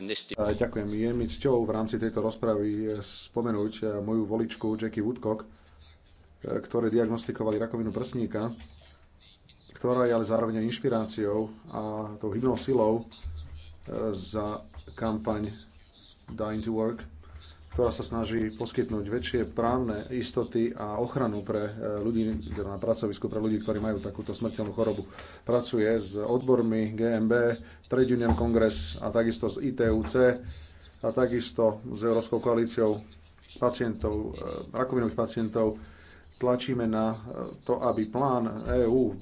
Speaker 3: This... Ďakujem.
Speaker 1: Je mi cťou v rámci tejto rozpravy spomenúť eh, moju voličku Jackie Woodcock, eh, ktoré diagnostikovali rakovinu prsníka, ktorá je ale zároveň inšpiráciou a tou hybnou silou eh, za kampaň Dying to Work, ktorá sa snaží poskytnúť väčšie právne istoty a ochranu pre e, ľudí teda na pracovisku, pre ľudí, ktorí majú takúto smrteľnú chorobu. Pracuje s odbormi GMB, Trade Union Congress a takisto s ITUC a takisto s Európskou koalíciou pacientov, e, rakovinových pacientov tlačíme na eh, to, aby plán EÚ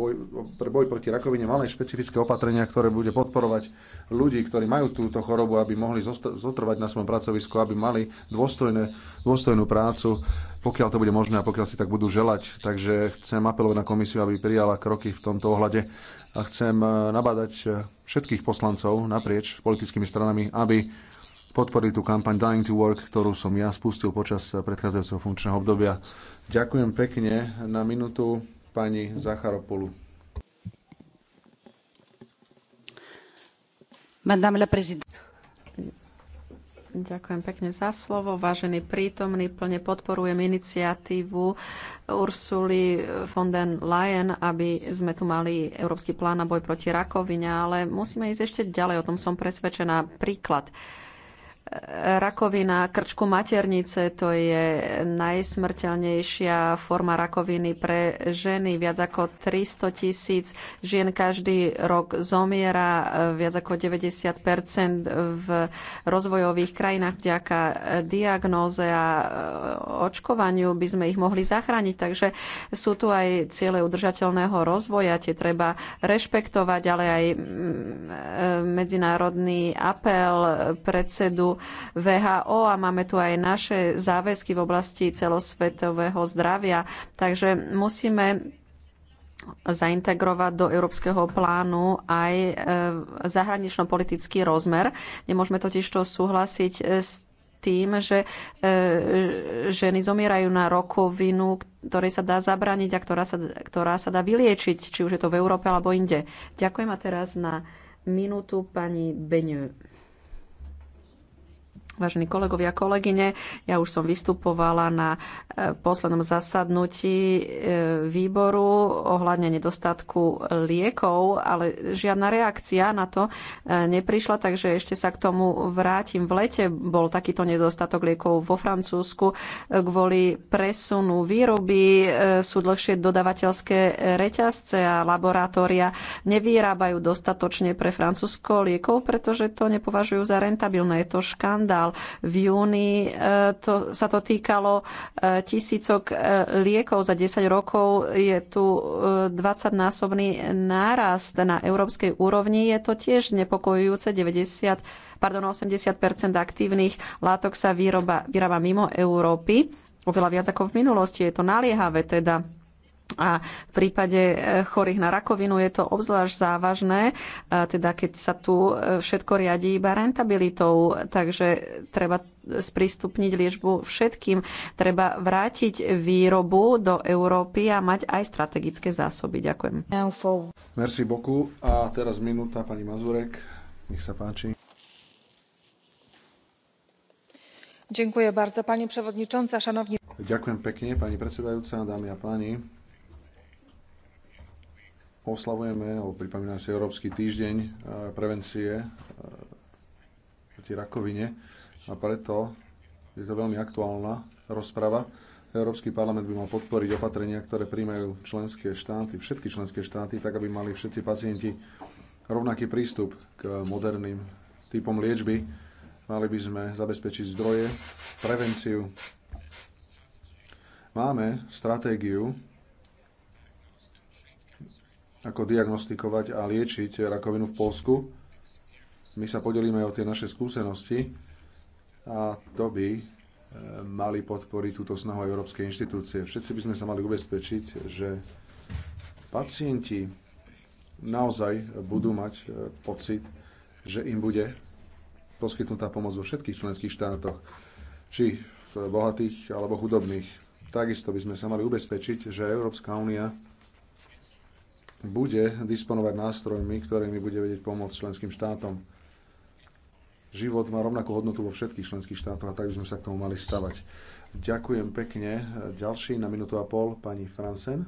Speaker 1: pre boj proti rakovine mal aj špecifické opatrenia, ktoré bude podporovať ľudí, ktorí majú túto chorobu, aby mohli zotrvať na svojom pracovisku, aby mali dôstojné, dôstojnú prácu, pokiaľ to bude možné a pokiaľ si tak budú želať. Takže chcem apelovať na komisiu, aby prijala kroky v tomto ohľade a chcem eh, nabádať eh, všetkých poslancov naprieč politickými stranami, aby podporili tú kampaň Dying to Work, ktorú som ja spustil počas predchádzajúceho funkčného obdobia. Ďakujem pekne na minútu pani Zacharopolu.
Speaker 2: Madame la Ďakujem pekne za slovo. Vážený prítomný, plne podporujem iniciatívu ursuli von den Leyen, aby sme tu mali Európsky plán na boj proti rakovine, ale musíme ísť ešte ďalej, o tom som presvedčená. Príklad rakovina krčku maternice, to je najsmrteľnejšia forma rakoviny pre ženy. Viac ako 300 tisíc žien každý rok zomiera, viac ako 90 v rozvojových krajinách vďaka diagnóze a e, očkovaniu by sme ich mohli zachrániť. Takže sú tu aj ciele udržateľného rozvoja, tie treba rešpektovať, ale aj mm, e, medzinárodný apel predsedu VHO a máme tu aj naše záväzky v oblasti celosvetového zdravia. Takže musíme zaintegrovať do európskeho plánu aj e, zahranično-politický rozmer. Nemôžeme totiž to súhlasiť e, s tým, že e, ženy zomierajú na rokovinu, ktorej sa dá zabrániť a ktorá sa, ktorá sa dá vyliečiť, či už je to v Európe alebo inde. Ďakujem a teraz na minútu pani Beňu. Vážení kolegovia, kolegyne, ja už som vystupovala na e, poslednom zasadnutí e, výboru ohľadne nedostatku liekov, ale žiadna reakcia na to e, neprišla, takže ešte sa k tomu vrátim. V lete bol takýto nedostatok liekov vo Francúzsku kvôli presunu výroby. Sú dlhšie dodavateľské reťazce a laboratória nevyrábajú dostatočne pre Francúzsko liekov, pretože to nepovažujú za rentabilné. Je to škandál povedal. V júni e, to, sa to týkalo e, tisícok e, liekov za 10 rokov. Je tu 20-násobný nárast na európskej úrovni. Je to tiež nepokojujúce 90 pardon, 80 aktívnych látok sa výroba, vyrába mimo Európy. Oveľa viac ako v minulosti. Je to naliehavé teda a v prípade e, chorých na rakovinu je to obzvlášť závažné, e, teda keď sa tu e, všetko riadí iba rentabilitou, takže treba sprístupniť liečbu všetkým. Treba vrátiť výrobu do Európy a mať aj strategické zásoby. Ďakujem.
Speaker 1: Merci boku. A teraz minúta pani Mazurek. Nech sa páči. Ďakujem bardzo, pani przewodnicząca, szanowni. Ďakujem pekne, pani predsedajúca, dámy a páni oslavujeme, alebo pripomíname si Európsky týždeň eh, prevencie eh, proti rakovine a preto je to veľmi aktuálna rozprava. Európsky parlament by mal podporiť opatrenia, ktoré príjmajú členské štáty, všetky členské štáty, tak aby mali všetci pacienti rovnaký prístup k moderným typom liečby. Mali by sme zabezpečiť zdroje, prevenciu. Máme stratégiu ako diagnostikovať a liečiť rakovinu v Polsku. My sa podelíme o tie naše skúsenosti a to by e, mali podporiť túto snahu aj európske inštitúcie. Všetci by sme sa mali ubezpečiť, že pacienti naozaj budú mať e, pocit, že im bude poskytnutá pomoc vo všetkých členských štátoch, či v bohatých alebo chudobných. Takisto by sme sa mali ubezpečiť, že Európska únia bude disponovať nástrojmi, ktorými bude vedieť pomôcť členským štátom. Život má rovnakú hodnotu vo všetkých členských štátoch a tak by sme sa k tomu mali stavať. Ďakujem pekne. Ďalší na minútu a pol pani Fransen.